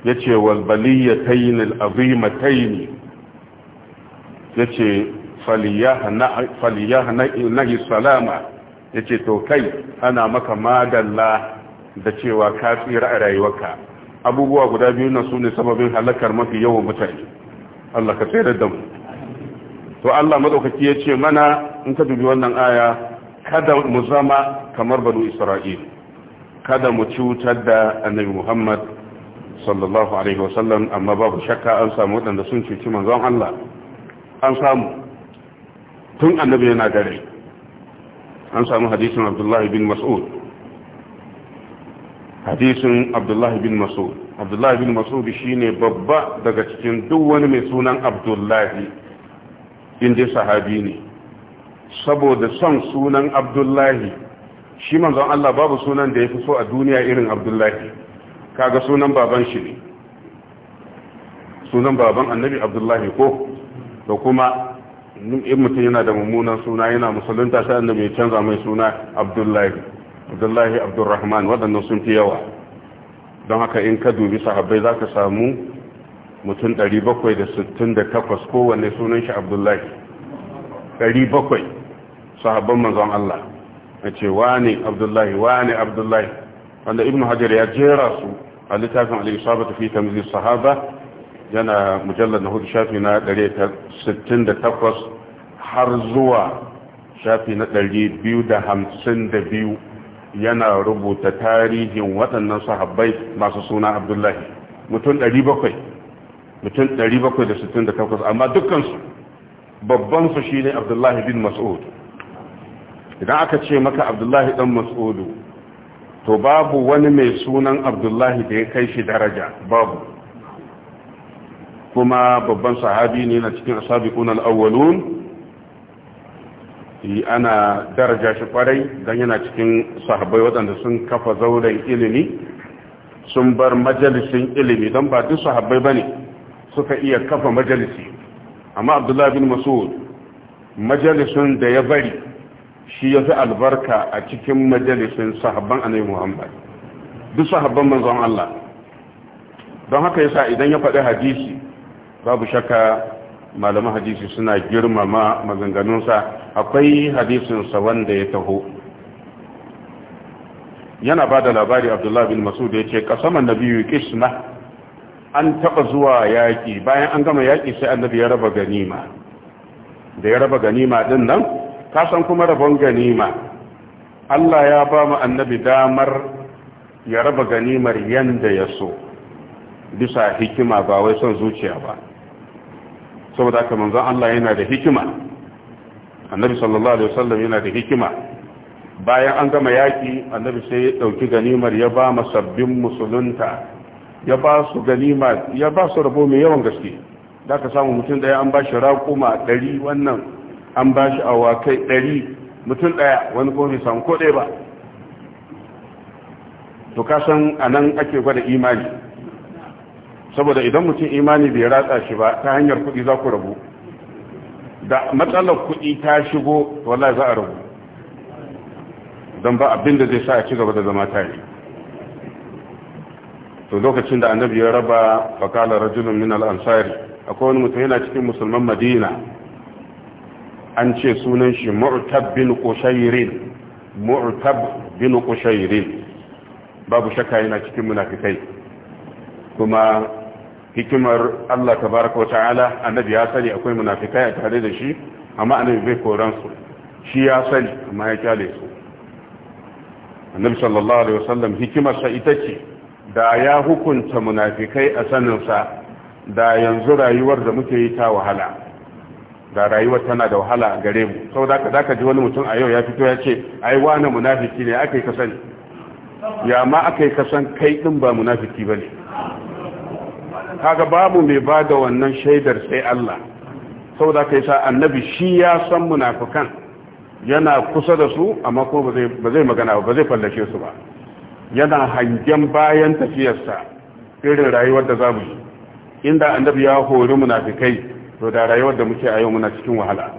yace wal baliyatayn al azimatayn yace faliyahna na nahi yace to kai ana maka madalla da cewa ka tsira a rayuwarka abubuwa guda biyu na sune sababin halakar mafi yawan mutane Allah ka tsira da mu to Allah madaukaki yace mana in ka dubi wannan aya kada mu zama kamar banu Isra'il kada mu cutar da annabi Muhammad sallallahu alaihi wasallam amma babu shakka an samu waɗanda sun cuci manzon Allah an samu tun annabi yana gare an samu hadisin abdullahi bin mas'ud hadisin abdullahi bin mas'ud abdullahi bin mas'ud shine babba daga cikin duk wani mai sunan abdullahi inda sahabi ne saboda son sunan abdullahi shi manzon Allah babu sunan da ya fi so a duniya irin abdullahi kaga sunan baban shi ne sunan baban annabi abdullahi ko da kuma in mutum yana da mummunan suna yana musulunta sai annabi ya canza mai suna abdullahi abdullahi abdurrahman waɗannan sun fi yawa don haka in ka dubi sahabbai za ka samu mutum 768 kowanne sunan shi abdullahi 700 sahabban manzon Allah a ce wane abdullahi wane abdullahi wanda ibnu hajar ya jera su a littafin al-isabatu fi tamyiz sahaba yana mujallar na hudu shafi na 168 har zuwa shafi na 252 yana rubuta tarihin waɗannan sahabbai masu suna abdullahi mutum 700 mutum 768 amma dukkansu babbansu shi ne abdullahi bin mas'ud idan aka ce maka abdullahi dan mas'udu to babu wani mai sunan abdullahi da ya kai shi daraja babu kuma babban sahabi ne na cikin asabiqun al-awwalun ana daraja shi kwarai don yana cikin sahabai waɗanda sun kafa zauren ilimi sun bar majalisin ilimi don ba duk sahabai ba ne suka iya kafa majalisi amma abdullahi bin mas'ud majalisun da ya bari shi ya fi albarka a cikin majalisin sahabban annabi muhammad duk sahabban manzon Allah don haka yasa idan ya faɗi hadisi babu shakka malaman hadisi suna girmama maganganunsa akwai hadisinsa wanda ya taho yana ba da labari abdullahi bin masud ya ce kasaman na biyu an taɓa zuwa yaƙi bayan an gama yaƙi sai annabi ya raba ganima da ya raba ganima ɗin nan ka san kuma rabon ganima Allah ya ba mu annabi damar ya raba ganimar yanda ya so bisa hikima ba wai son zuciya ba saboda haka manzon Allah yana da hikima annabi sallallahu alaihi wasallam yana da hikima bayan an gama yaki annabi sai ya dauki ganimar ya ba masabbin musulunta ya ba su ganima ya ba su rabo mai yawan gaske da ka samu mutum daya an ba shi raƙuma ɗari wannan an ba shi awakai ɗari mutum ɗaya wani kuma bai samu ko ɗaya ba to kasan a nan ake gwada imani saboda idan mutum imani bai ratsa shi ba ta hanyar kuɗi za ku rabu da matsalar kuɗi ta shigo wallahi za a rabu don ba abin da zai sa a ci gaba da zama tare to lokacin da annabi ya raba fakalar rajulun min al-ansari akwai wani mutum yana cikin musulman madina an ce sunan shi mu'tab bin qushayrin mu'tab bin qushayrin babu shakka yana cikin munafikai kuma hikimar Allah tabaraka ta'ala annabi ya sani akwai munafikai a tare da shi amma annabi bai koran su shi ya sani amma ya kyale su annabi sallallahu alaihi wasallam hikimar sa ita ce da ya hukunta munafikai a saninsa da yanzu rayuwar da muke yi ta wahala da rayuwar tana da wahala gare mu sau da ka ji wani mutum a yau ya fito ya ce ai wani munafiki ne aka yi kasan ya ma aka yi kasan kai din ba munafiki ba ne kaga babu mai ba da wannan shaidar sai Allah sau da ka yi sa annabi shi ya san munafikan yana kusa da su amma ko ba zai magana ba zai fallashe su ba yana hangen bayan tafiyarsa irin rayuwar da za mu yi inda annabi ya hori munafikai to da rayuwar da muke a yau muna cikin wahala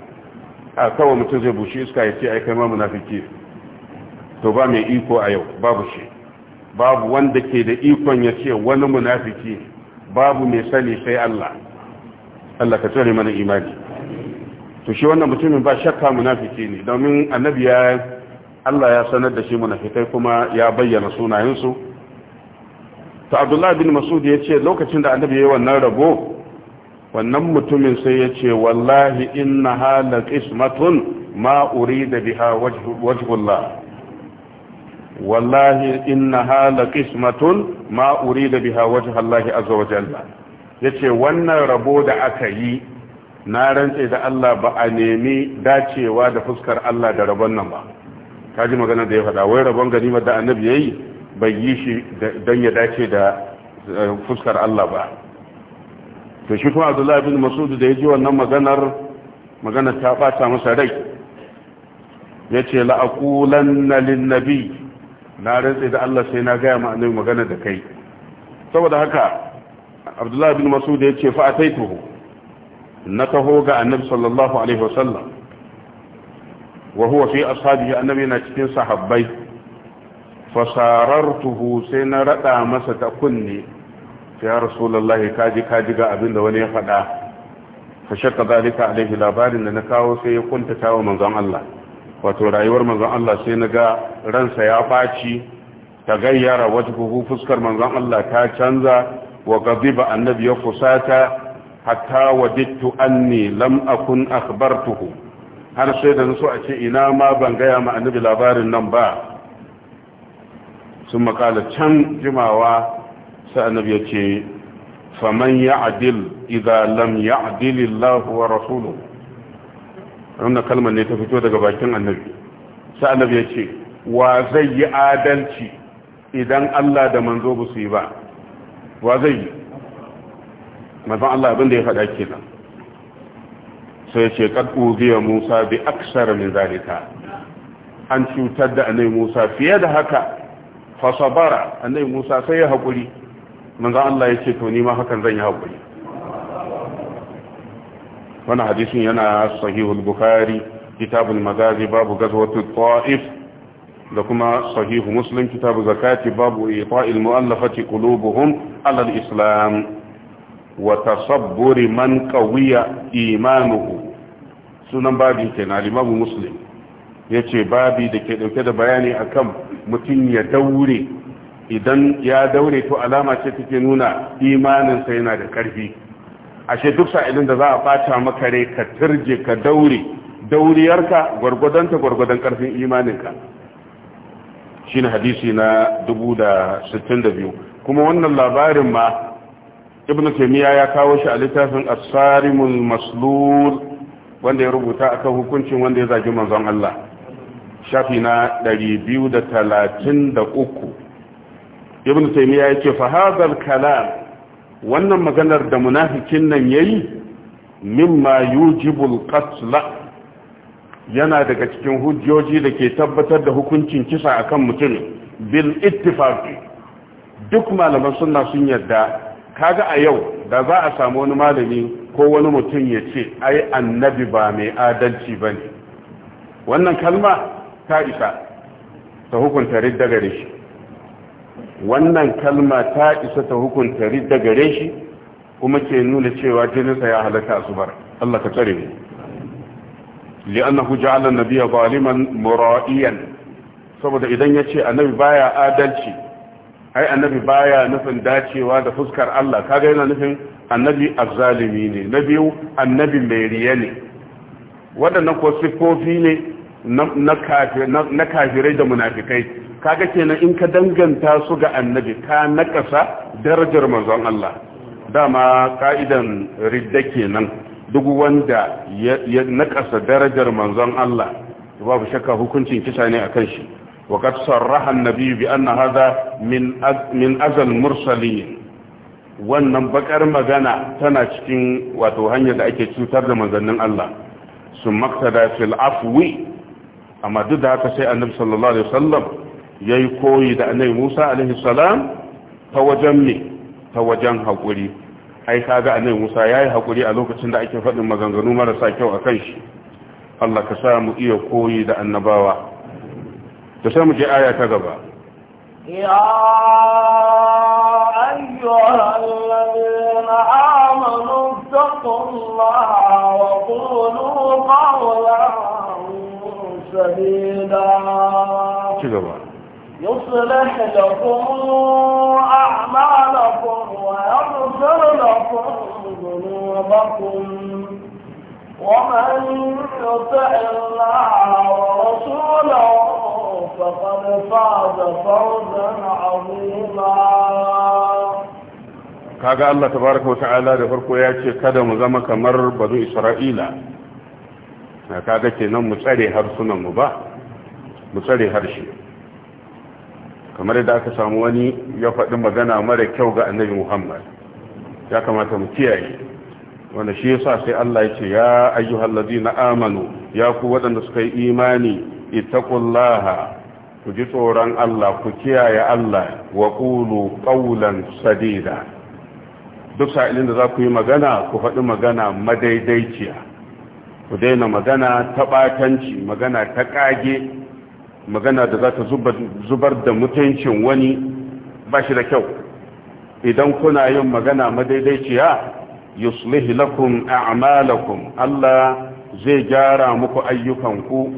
a kawai mutum zai bushe iska ya ce a kai ma munafiki to ba mai iko a yau babu shi babu wanda ke da ikon ya ce wani munafiki babu mai sani sai Allah Allah ka tsare mana imani to shi wannan mutumin ba shakka munafiki ne domin annabi ya Allah ya sanar da shi munafikai kuma ya bayyana sunayensu to Abdullah bin Mas'ud ya ce lokacin da annabi ya yi wannan rabo wannan mutumin sai ya ce wallahi inna hala qismatun ma urida biha wajhullah wallahi inna hala qismatun ma urida biha wajhullah azza wa yace wannan rabo da aka yi na rantse da Allah ba a nemi dacewa da fuskar Allah da rabon nan ba kaji magana da ya faɗa wai rabon ganimar da annabi yayi bai yi shi don ya dace da eh, fuskar Allah ba to shi kuma abdullahi bin masudu da ya ji wannan maganar maganar ta bata masa rai ya ce la'akulan na linnabi na rantsi da Allah sai na gaya ma annabi magana da kai saboda haka abdullahi bin masudu ya ce tuhu na taho ga annabi sallallahu alaihi wasallam wa huwa fi ashabihi annabi na cikin sahabbai fasarartuhu sai na rada masa ta kunne ya lallahi kaji kaji ga abin da wani ya faɗa fa shakka zalika alaihi labarin da na kawo sai ya kuntata wa manzon Allah wato rayuwar manzon Allah sai na ga ransa ya baci ta gayyara wata kuku fuskar manzon Allah ta canza wa gaziba annabi ya kusata hatta wadittu anni lam akun akhbartuhu har sai da nasu a ce ina ma ban gaya ma annabi labarin nan ba sun makala can jimawa sai annabi ya ce faman ya'dil idza lam ya'dil Allah wa rasuluhu wannan kalmar ne ta fito daga bakin annabi sai annabi ya ce wa zai yi adalci idan Allah da manzo ba su yi ba wa zai yi mazan Allah abinda ya faɗa nan sai ce ƙarƙo biya musa bi aksar min zalika an cutar da annai musa fiye da haka fasabara annai musa sai ya haƙuri manzan Allah ya ce to ni ma hakan zan yi haƙuri wani hadisin yana sahihul bukhari kitabul magazi babu gazawatu ta'if da kuma sahihu muslim kitabu zakati babu ita'il mu'allafati qulubuhum ala al-islam wa tasabburi man qawiya imanuhu sunan babi kenan al muslim yace babi da ke dauke da bayani akan mutun ya daure idan ya daure to alama ce take nuna imaninsa yana da ƙarfi ashe duk sa'ilin da za a ɓata maka rai ka turje ka daure dauriyarka gwargwadonta gwargwadon ƙarfin imaninka shi ne hadisi na 62 kuma wannan labarin ma ibn taimiyya ya kawo shi a littafin asarimul maslul wanda ya rubuta akan hukuncin wanda ya zagi manzon Allah shafi na 233 ibn taymiya yake fa hadhal kalam wannan maganar da munafikin nan yayi mimma yujibu al-qatl yana daga cikin hujjoji da ke tabbatar da hukuncin kisa akan mutum bil ittifaq duk malaman sunna sun yarda kaga a yau da za a samu wani malami ko wani mutum ya ce ai annabi ba mai adalci bane wannan kalma ta isa ta hukunta ridda gare shi wannan kalma ta isa ta hukunta ridda gare shi kuma ke nuna cewa jininsa ya halaka a zubar Allah ka tsare mu li'annahu ja'ala an-nabiyya zaliman mura'iyan saboda idan yace annabi baya adalci ai annabi baya nufin dacewa da fuskar Allah kaga yana nufin annabi azzalimi ne na biyu annabi mai riya ne waɗannan ko siffofi ne na kafirai da munafikai kaga kenan in ka danganta su ga annabi ka nakasa darajar manzon Allah dama ka'idan ridda kenan duk wanda ya nakasa darajar manzon Allah babu shakka hukuncin kisa ne akan shi وقد annabi bi anna hadha min min azal mursalin wannan bakar magana tana cikin wato hanyar da ake cutar da manzannin Allah sun maktada fil afwi amma duk da haka sai annabi sallallahu alaihi wasallam yayi koyi da annabi Musa alaihi salam ta wajen me ta wajen hakuri ai kaga annabi Musa yayi hakuri a lokacin da ake faɗin maganganu marasa kyau akan shi Allah ka sa mu iya koyi da annabawa to sai mu je aya ta gaba ya ayyuhal ladina amanu taqullaha wa qulu qawlan سبيلا يصلح لكم أعمالكم ويغفر لكم ذنوبكم ومن يطع الله ورسوله فقد فاز فوزا عظيما kaga Allah tabaraka wa ta'ala da farko ya ce kada mu zama kamar bazu Isra'ila na kaga nan mu tsare harsunan mu ba mu tsare harshe kamar yadda aka samu wani ya faɗi magana mara kyau ga annabi muhammad ya kamata mu kiyaye wanda shi yasa sai Allah ya ce ya ayyuhal na amanu ya ku waɗanda suka yi imani ittaqullaha ku ji tsoron Allah ku kiyaye Allah wa qulu qawlan sadida duk sa'ilin da za ku yi magana ku faɗi magana madaidaiciya ku daina magana ta ɓatanci magana ta ƙage magana da za ta zubar da mutuncin wani ba shi da kyau idan kuna yin magana madaidaiciya yuslihi lakum a'malakum Allah zai gyara muku ayyukanku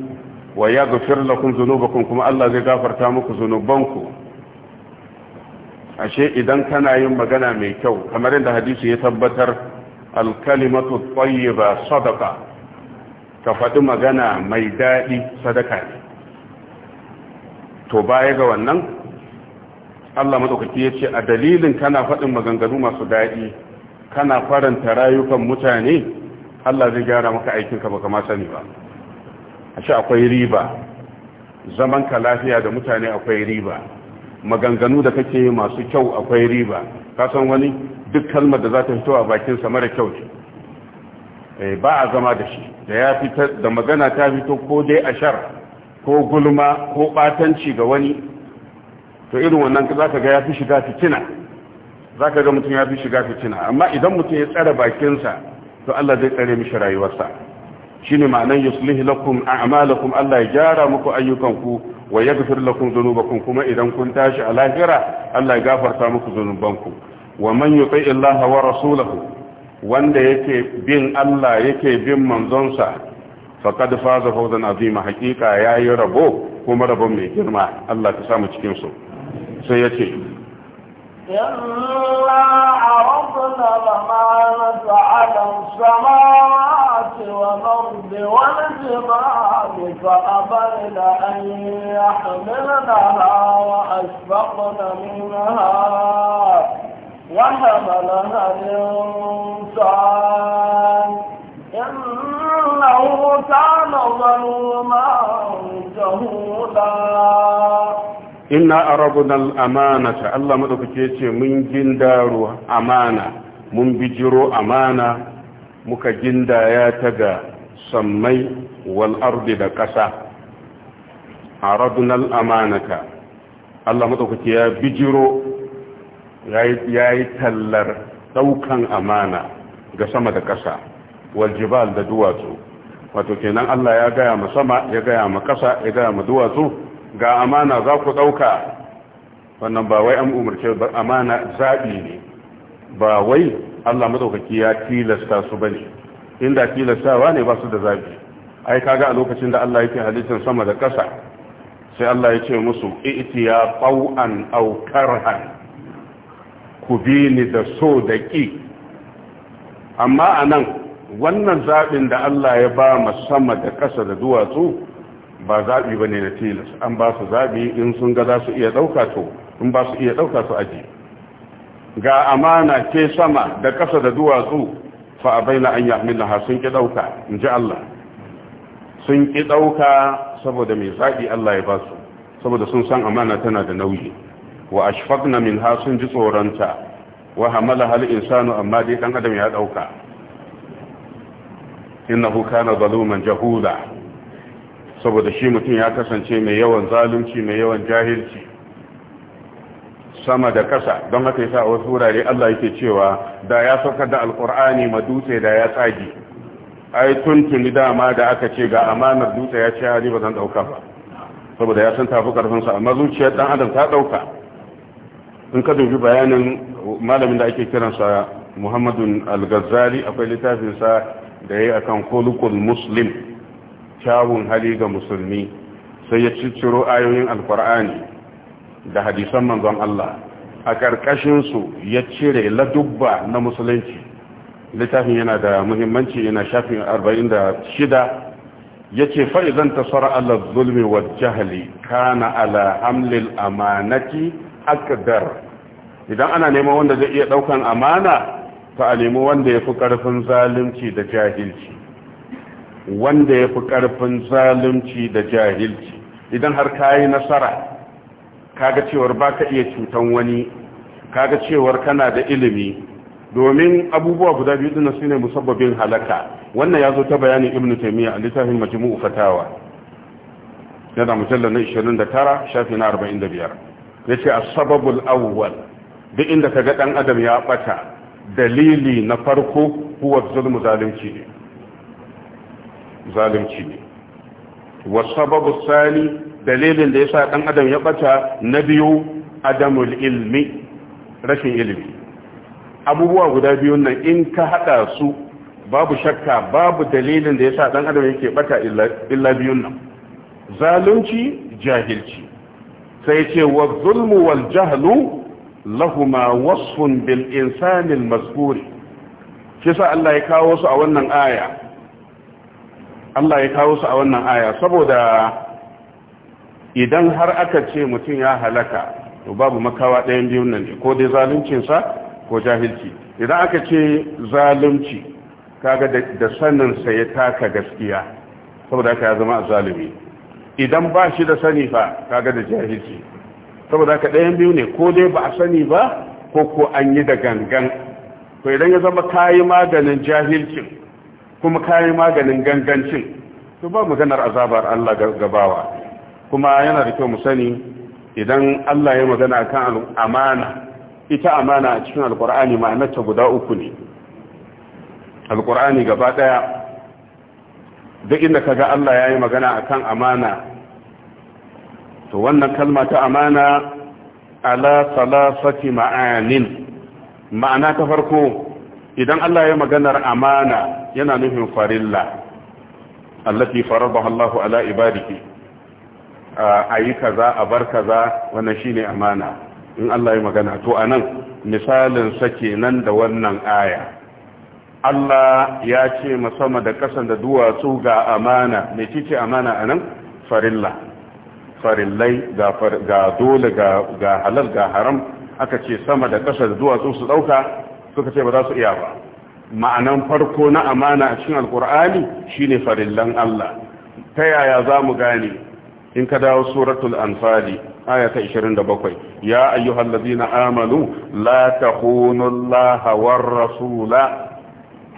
wa ya lakum zunubakum kuma Allah zai gafarta muku zunubanku ashe idan kana yin magana mai kyau kamar yadda hadisi ya tabbatar alkalimatu tayyiba sadaqa ka faɗi magana mai daɗi sadaka ne to baya ga wannan Allah matsaukaki ya ce a dalilin kana faɗin maganganu masu daɗi kana faranta rayukan mutane Allah zai gyara maka aikinka baka ma sani ba a shi akwai riba Zaman ka lafiya da mutane akwai riba maganganu da kake masu kyau akwai riba kasan wani duk kalmar da za ta fito a bakinsa mara kyau ce eh, ba a zama da shi da ya fitar da magana ta fito ko dai ashar ko gulma ko batanci ga wani to irin wannan za ka ga ya fi shiga fitina za ka ga mutum ya fi shiga fitina amma idan mutum ya tsara bakinsa to Allah zai tsare mishi rayuwarsa shine ma'anan yuslih lakum a'malakum Allah ya gyara muku ayyukanku wa yaghfir lakum dhunubakum kuma idan kun tashi a lahira Allah ya gafarta muku dhunubanku wa man yuti Allah wa rasulahu wanda yake bin Allah yake bin manzonsa faqad faza fawzan azima haqiqa yayi rabo kuma rabon mai girma Allah ta samu cikin su sai yace إلا عرضنا الأمانة على السماوات والأرض والجبال فأبين أن يحملنها وأشفقن منها وحملها الإنسان إنه كان ظلوما جهولا inna arabunal amanata Allah madaukake ce mun gindaro amana mun bijiro amana muka gindaya ta ga sammai wal ardi da ƙasa arabunal amanaka, Allah madaukake ya bijiro ya yi tallar daukan amana ga sama da ƙasa waljibal da duwatsu wato kenan Allah ya gaya ma sama ya gaya ma ƙasa ya gaya ma duwatsu ga amana za ku ɗauka wannan ba wai an umarce ba amana zaɓi ne ba wai Allah maɗaukaki ya tilasta su ba ne inda tilastawa ne ba su da zaɓi ai kaga a lokacin da Allah yake halittar sama da ƙasa sai Allah ya ce musu itiya qau'an aw karhan ku bi ni da so da ƙi amma a nan wannan zaɓin da Allah ya ba ma sama da ƙasa da duwatsu ba zaɓi ba ne na tilas an ba su zaɓi in sun ga za su iya ɗauka to in ba su iya ɗauka su aji ga amana ke sama da ƙasa da duwatsu fa a baina an ha sun ƙi ɗauka in ji Allah sun ƙi ɗauka saboda mai zaɓi Allah ya ba su saboda sun san amana tana da nauyi wa ashfaqna minha sun ji tsoranta wa hamala hal insanu amma dai dan adam ya dauka innahu kana zaluman jahula saboda shi mutum ya kasance mai yawan zalunci mai yawan jahilci sama da kasa don haka yasa wasu wurare Allah yake cewa da ya saukar da alqur'ani ma da ya tsagi ai tuntuni dama da aka ce ga amanar dutse ya ce ya ba zan dauka ba saboda ya san tafi karfin sa amma zuciyar dan adam ta dauka in ka dubi bayanin malamin da ake kiransa muhammadun al-ghazali akwai littafinsa da ya yi akan kolukul muslim kyawun hali ga musulmi sai ya ciciro ayoyin alkur'ani da hadisan manzon Allah a ƙarƙashinsu ya cire ladubba na musulunci littafin yana da muhimmanci yana shafin 46 ya ce fa'izan ta tsara Allah zulmi wa jahali kana ala hamlil amanati akdar idan ana neman wanda zai iya daukan amana fa a nemi wanda ya fi karfin zalunci da jahilci wanda ya fi karfin zalunci da jahilci idan har kayi nasara kaga cewar baka iya cutan wani kaga cewar kana da ilimi domin abubuwa guda biyu dinnan sune musabbabin halaka wannan ya zo ta bayanin ibnu taymiya a littafin majmu'u fatawa yana mujallar na 29 shafi na 45 yace a sababul awwal duk inda ka ga ɗan adam ya ɓata dalili na farko huwa zulmu zalunci ne zalunci ne wasababu sani dalilin da ya sa ɗan adam ya ɓata na biyu adamul ilmi rashin ilmi abubuwa guda biyun nan in ka haɗa su babu shakka babu dalilin da ya sa ɗan adam yake ɓata illa biyun nan zalunci jahilci sai ce wa zulmu wal jahlu lahuma wasfun bil insani al mazkur shi sa Allah ya kawo su a wannan aya Allah ya kawo su a wannan aya saboda idan har aka ce mutum ya halaka to babu makawa ɗayan biyun nan ko dai zaluncinsa ko jahilci idan aka ce zalunci kaga da sanin sa ya taka gaskiya saboda aka ya zama zalumi idan ba shi da sani fa kaga da jahilci saboda ka ɗayan biyu ne ko dai ba a sani ba ko ko an yi da gangan to idan ya zama kayi maganin jahilcin kuma kayi maganin gangancin to ba maganar azabar Allah gabawa kuma yana da kyau mu sani idan Allah ya magana kan amana ita amana a cikin alqur'ani ma'anarta guda uku ne alkur'ani gaba daya duk inda kaga Allah ya yi magana a kan amana to wannan kalma ta amana ala salasati ma'anin ma'ana ta farko idan Allah ya maganar amana yana nufin farilla allati faradaha Allahu ala ibadihi ayi kaza a bar kaza wannan shine amana in Allah ya magana to anan misalin sa kenan da wannan aya Allah ya ce sama da ƙasan da duwatsu ga amana mai cice amana a nan farilla farillai ga dole ga halal ga haram aka ce sama da ƙasa da duwatsu su ɗauka suka ce ba za su iya ba ma'anan farko na amana a cikin alƙur'ani shine farillan Allah ta yaya za mu gane in ka dawo suratul anfali aya ta 27 ya ayyuhallazina amanu la takunu allaha war rasula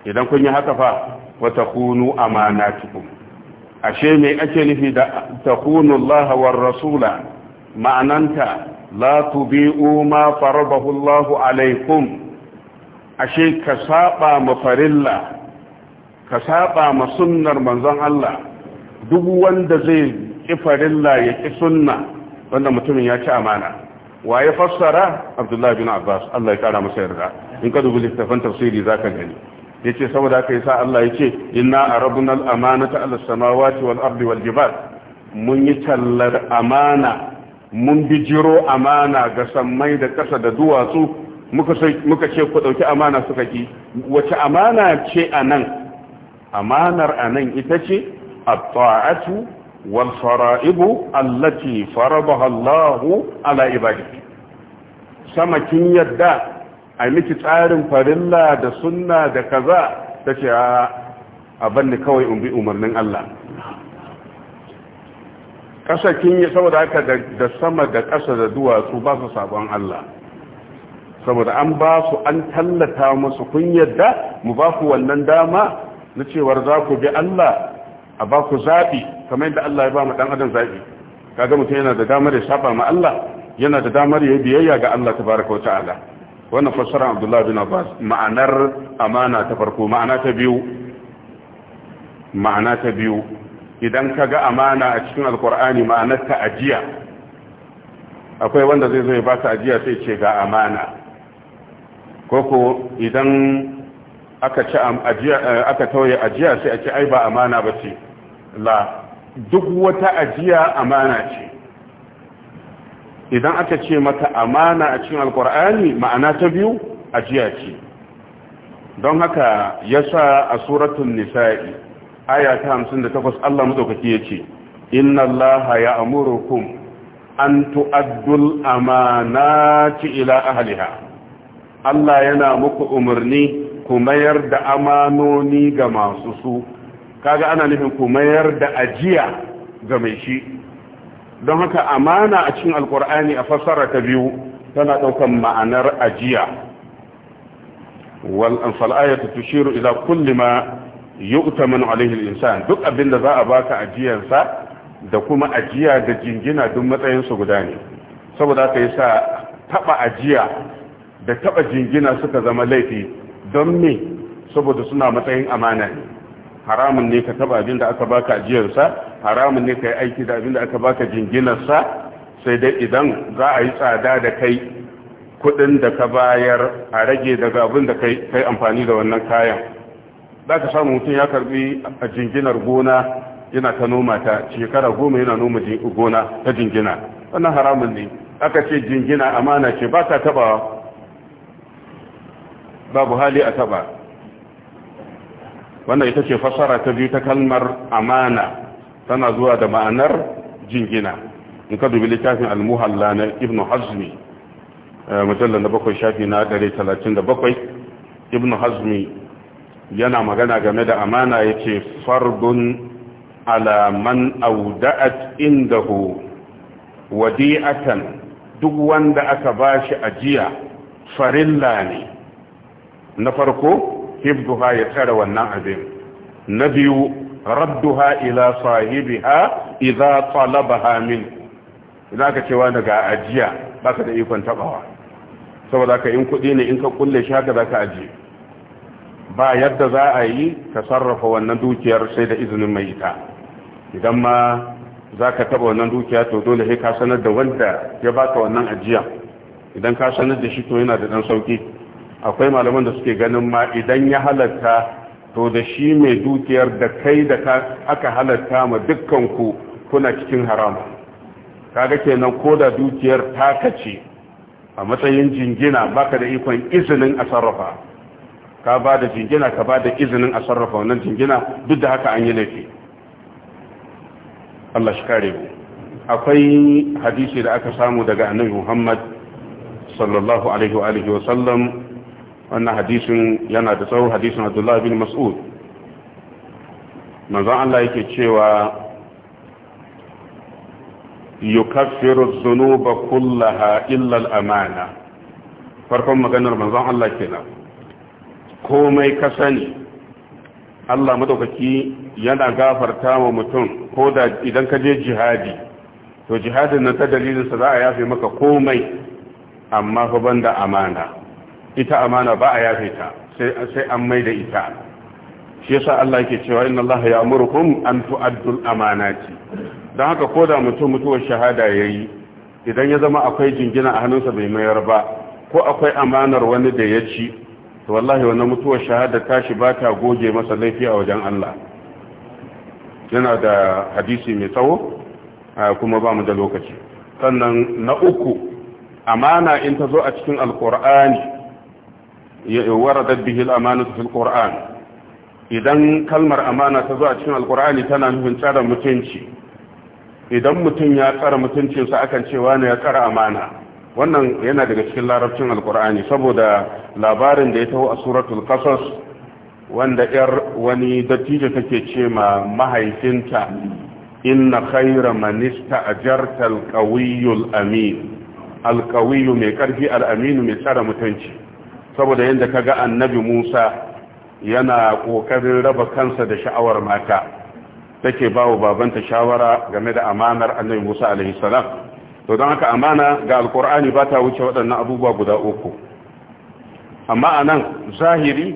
idan kun yi haka fa wa amana amanatukum ashe me ake nufi da takunu Allah war rasula ma'ananta la tubi'u ma farabahu Allah alaikum ashe ka saba ma farilla ka saba ma sunnar manzon Allah duk wanda zai ki farilla ya ki sunna wanda mutumin ya ci amana wa ya fassara Abdullah bin Abbas Allah ya kara masa yarda in ka dubi littafin tafsiri zaka gani yace saboda haka yasa Allah yace inna arabna al-amanata ala samawati wal ardi wal jibal mun yi tallar amana mun bijiro amana ga sammai da ƙasa da duwatsu muka ce ku ɗauki amana suka ki wace amana ce a nan amanar a nan ita ce a ta'atu wal fara'ibu allati farabaha Allahu ala ibadihi sama kin yadda a miki tsarin farilla da sunna da kaza ta ce a banni kawai in umarnin Allah ƙasa kin yi saboda haka da sama da ƙasa da duwatsu ba su sabon Allah saboda an ba su an tallata musu kun yadda mu ba ku wannan dama na cewar za ku bi Allah a ba ku zaɓi kamar yadda Allah ya ba mu ɗan adam zaɓi kaga mutum yana da damar ya saba ma Allah yana da damar ya biyayya ga Allah tabaraka wa ta'ala wannan fassara abdullahi bin abbas ma'anar amana ta farko ma'ana ta biyu ma'ana ta biyu idan ka ga amana a cikin alkur'ani ma'anar ta ajiya akwai wanda zai zai ba ta ajiya sai ce ga amana koko idan aka ci eh, aka tauye ajiya sai a ce ai ba amana ba ce la duk wata ajiya amana ce idan aka ce mata amana a cikin alkur'ani ma'ana ta biyu ajiya ce don haka ya sa a suratun nisa'i aya ta hamsin da takwas allah maɗaukaki ya ce inna allaha ya amurukum an tu'addul amanati ila ahliha allah yana muku umarni ku mayar da amanoni ga masu su kaga ana nufin ku mayar da ajiya ga mai shi don haka amana a cikin alkur'ani a fassara ta biyu tana ɗaukar ma'anar ajiya wal anfal ayatu tushiru ila kulli ma yu'taman alayhi al-insan duk abinda za a baka sa da kuma ajiya da jingina duk matsayin su guda ne saboda haka yasa taba ajiya da taba jingina suka zama laifi don me saboda suna matsayin amana ne haramun ne ka taba abin da aka baka ajiyarsa haramun ne ka yi aiki da abin da aka baka jinginarsa sai dai idan za a yi tsada da kai kudin da ka bayar a rage daga abin da kai kai amfani da wannan kayan za ka samu mutum ya karbi a jinginar gona yana ta noma ta shekara goma yana noma gona ta jingina wannan haramun ne aka ce jingina amana ce ba ta taba babu hali a taba wannan ita ce fasara ta biyu ta kalmar amana tana zuwa da ma'anar jingina in ka dubi littafin almuhalla na ibnu hazmi eh, mujallar na bakwai shafi na bakwai ibnu hazmi yana magana game da amana ya ce fardun alaman auda'at indahu wadi'atan duk wanda aka bashi ajiya farilla ne na farko hibduha ya tsara wannan abin na biyu radduha ila sahibiha idza talabaha min idan aka cewa daga ajiya baka da ikon tabawa saboda ka in kudi ne in ka kulle shi haka zaka ajiye ba yadda za a yi ka sarrafa wannan dukiyar sai da izinin mai ita idan ma za ka taba wannan dukiya to dole sai ka sanar da wanda ya baka wannan ajiya idan ka sanar da shi to yana da ɗan sauki akwai malaman da suke ganin ma idan ya halatta to da shi mai dukiyar da kai da aka halatta ma dukkanku kuna cikin haram kaga kenan ko da dukiyar ta kace a matsayin jingina baka da ikon izinin a sarrafa ka ba da jingina ka ba da izinin a sarrafa wannan jingina duk da haka an yi laifi Allah shi kare mu akwai hadisi da aka samu daga annabi Muhammad sallallahu alaihi wa alihi wa sallam wannan hadisin yana da tsawo hadisin abdullahi bin mas'ud manzon Allah yake cewa yukaffiru dhunuba kullaha illa al-amana farkon maganar manzon Allah kenan komai ka sani Allah madaukaki yana gafarta wa mutum ko da idan ka je jihadi to jihadin nan ta dalilinsa za a yafe maka komai amma fa banda amana ita amana ba a yafe ta sai an mai da ita shi yasa Allah yake cewa inna Allah ya amurkum an tu'addu al-amanati dan haka koda mutum mutuwar shahada yayi idan ya zama akwai jingina a hannunsa bai mayar ba ko akwai amanar wani da ya ci to wallahi wannan mutuwar shahada ta shi ba ta goge masa laifi a wajen Allah yana da hadisi mai tsawo kuma ba mu da lokaci sannan na uku amana in ta zo a cikin alkur'ani waradat bihi al-amanatu fil qur'an idan kalmar amana ta zo a cikin alqur'ani tana nufin tsara mutunci idan mutum ya tsara mutuncinsa akan cewa ne ya tsara amana wannan yana daga cikin larabcin alqur'ani saboda labarin da ya taho a suratul qasas wanda yar wani dattijo take ce ma mahaifinta inna khayra man ista'jarta al-qawiyyu al-amin al-qawiyyu mai karfi al-amin mai tsara mutunci saboda yadda kaga annabi Musa yana ƙoƙarin raba kansa da sha'awar mata take ba babanta shawara game da amanar annabi Musa alaihi salam to don haka amana ga alkur'ani ba ta wuce waɗannan abubuwa guda uku amma a nan zahiri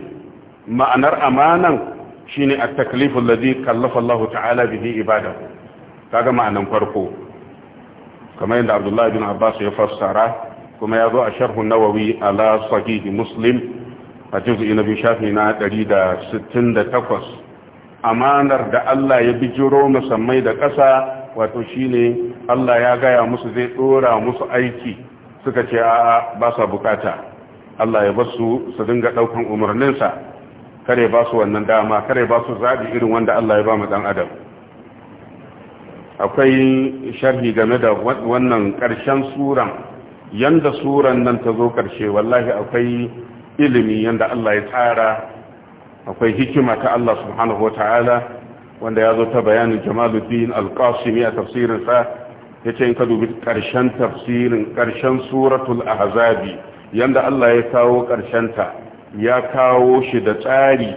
ma'anar amanan shine a taklifin ladhi kallafallahu ta'ala bihi ibada kaga ma'anan farko kamar yadda Abdullahi bin Abbas ya fassara kuma ya zo a sharhun nawawi ala sahihi muslim a juz'i na biyu shafi na 168 amanar da Allah ya bijiro musammai da ƙasa wato shi ne Allah ya gaya musu zai ɗora musu aiki suka ce a ba sa bukata Allah ya basu su dinga ɗaukan umarninsa kare ba su wannan dama kare ba su zabi irin wanda Allah ya ba mu ɗan adam akwai sharhi game da wannan ƙarshen suran yanda suran nan ta zo ƙarshe wallahi akwai ilimi yanda Allah ya tsara akwai hikima ta Allah subhanahu wa ta'ala wanda ya zo ta bayanin jamaluddin alƙasimi a tafsirinsa ya ce in ka dubi ƙarshen tafsirin ƙarshen suratul ahzabi yanda Allah ya kawo ta ya kawo shi da tsari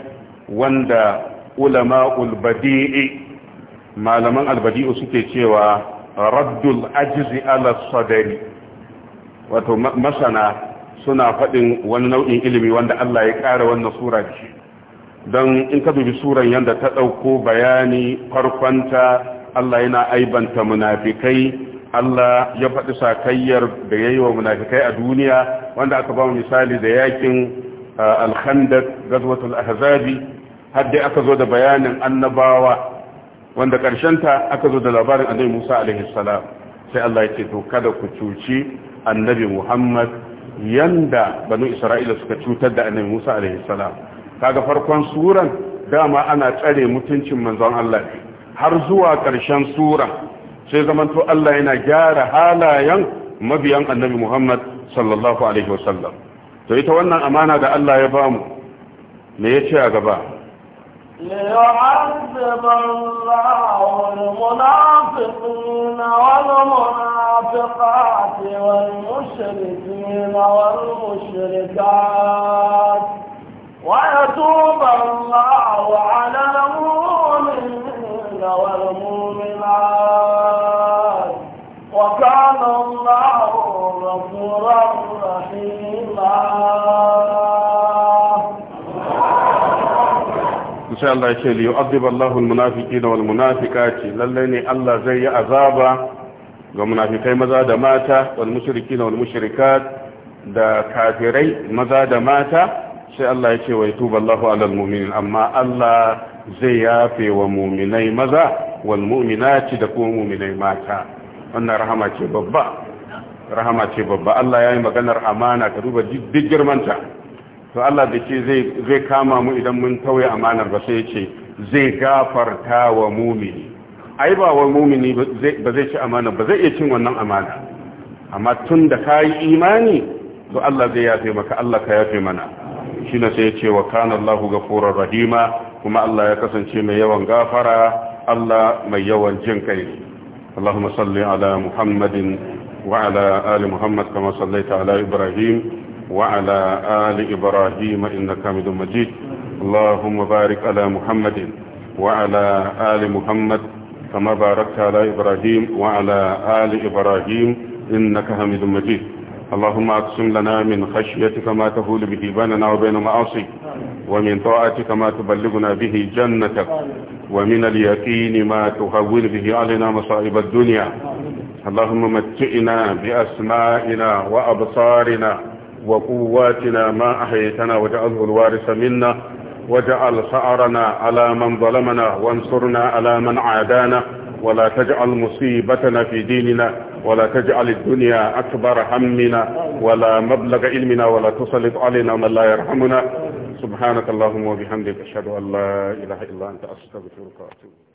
wanda ulama'ul badi'i malaman albadi'u suke cewa raddul ajzi ala sadari wato masana suna faɗin wani nau'in ilimi wanda Allah ya ƙara wannan sura shi don in ka dubi suran yadda ta ɗauko bayani farkonta Allah yana aibanta munafikai Allah ya faɗi sakayyar da ya yi wa munafikai a duniya wanda aka ba misali da yakin uh, alkhandar gazwatul ahzabi har dai aka zo da bayanin annabawa wanda ta aka zo da labarin annabi Musa alaihi salam sai Allah ya ce to kada ku cuci annabi muhammad yanda banu isra'ila suka cutar da annabi musa alaihi salam kaga farkon suran dama ana tsare mutuncin manzon allah har zuwa ƙarshen sura sai zamanto allah yana gyara halayen mabiyan annabi muhammad sallallahu alaihi wasallam to ita wannan amana da allah ya bamu me ya ce a gaba ليعذب الله المنافقين والمنافقات والمشركين والمشركات ويتوب الله على المؤمنين والمؤمنات وكان الله غفورا رحيما sai Allah ya ce li yu'adhib Allahu al-munafiqina wal munafiqati lalle ne Allah zai yi azaba ga munafikai maza da mata wal mushrikina wal mushrikat da kafirai maza da mata sai Allah ya ce wa yatubu Allahu ala al-mu'minin amma Allah zai yafe wa mu'minai maza wal mu'minati da kuma mu'minai mata wannan rahama ce babba rahama ce babba Allah ya yi maganar amana ka duba duk girmanta to Allah da ke zai kama mu idan mun tauye amanar ba sai ce zai gafarta wa mumini ai ba wa mumini ba zai ci amana ba zai iya cin wannan amana amma tun da ka yi imani to Allah zai yafe maka Allah ka yafe mana shi na sai ce wa kana Allahu gafurar rahima kuma Allah ya kasance mai yawan gafara Allah mai yawan jin kai Allahumma salli ala Muhammadin wa ala ali Muhammad kama sallaita ala Ibrahim وعلى آل إبراهيم إنك حميد مجيد اللهم بارك على محمد وعلى آل محمد كما باركت على إبراهيم وعلى آل إبراهيم إنك حميد مجيد اللهم أقسم لنا من خشيتك ما تهول به بيننا وبين معاصيك ومن طاعتك ما تبلغنا به جنتك ومن اليقين ما تهول به علينا مصائب الدنيا اللهم متئنا بأسمائنا وأبصارنا وقواتنا ما أحيتنا وجعله الوارث منا وجعل سعرنا على من ظلمنا وانصرنا على من عادانا ولا تجعل مصيبتنا في ديننا ولا تجعل الدنيا أكبر همنا ولا مبلغ علمنا ولا تسلط علينا من لا يرحمنا سبحانك اللهم وبحمدك أشهد أن لا إله إلا أنت أستغفرك وأتوب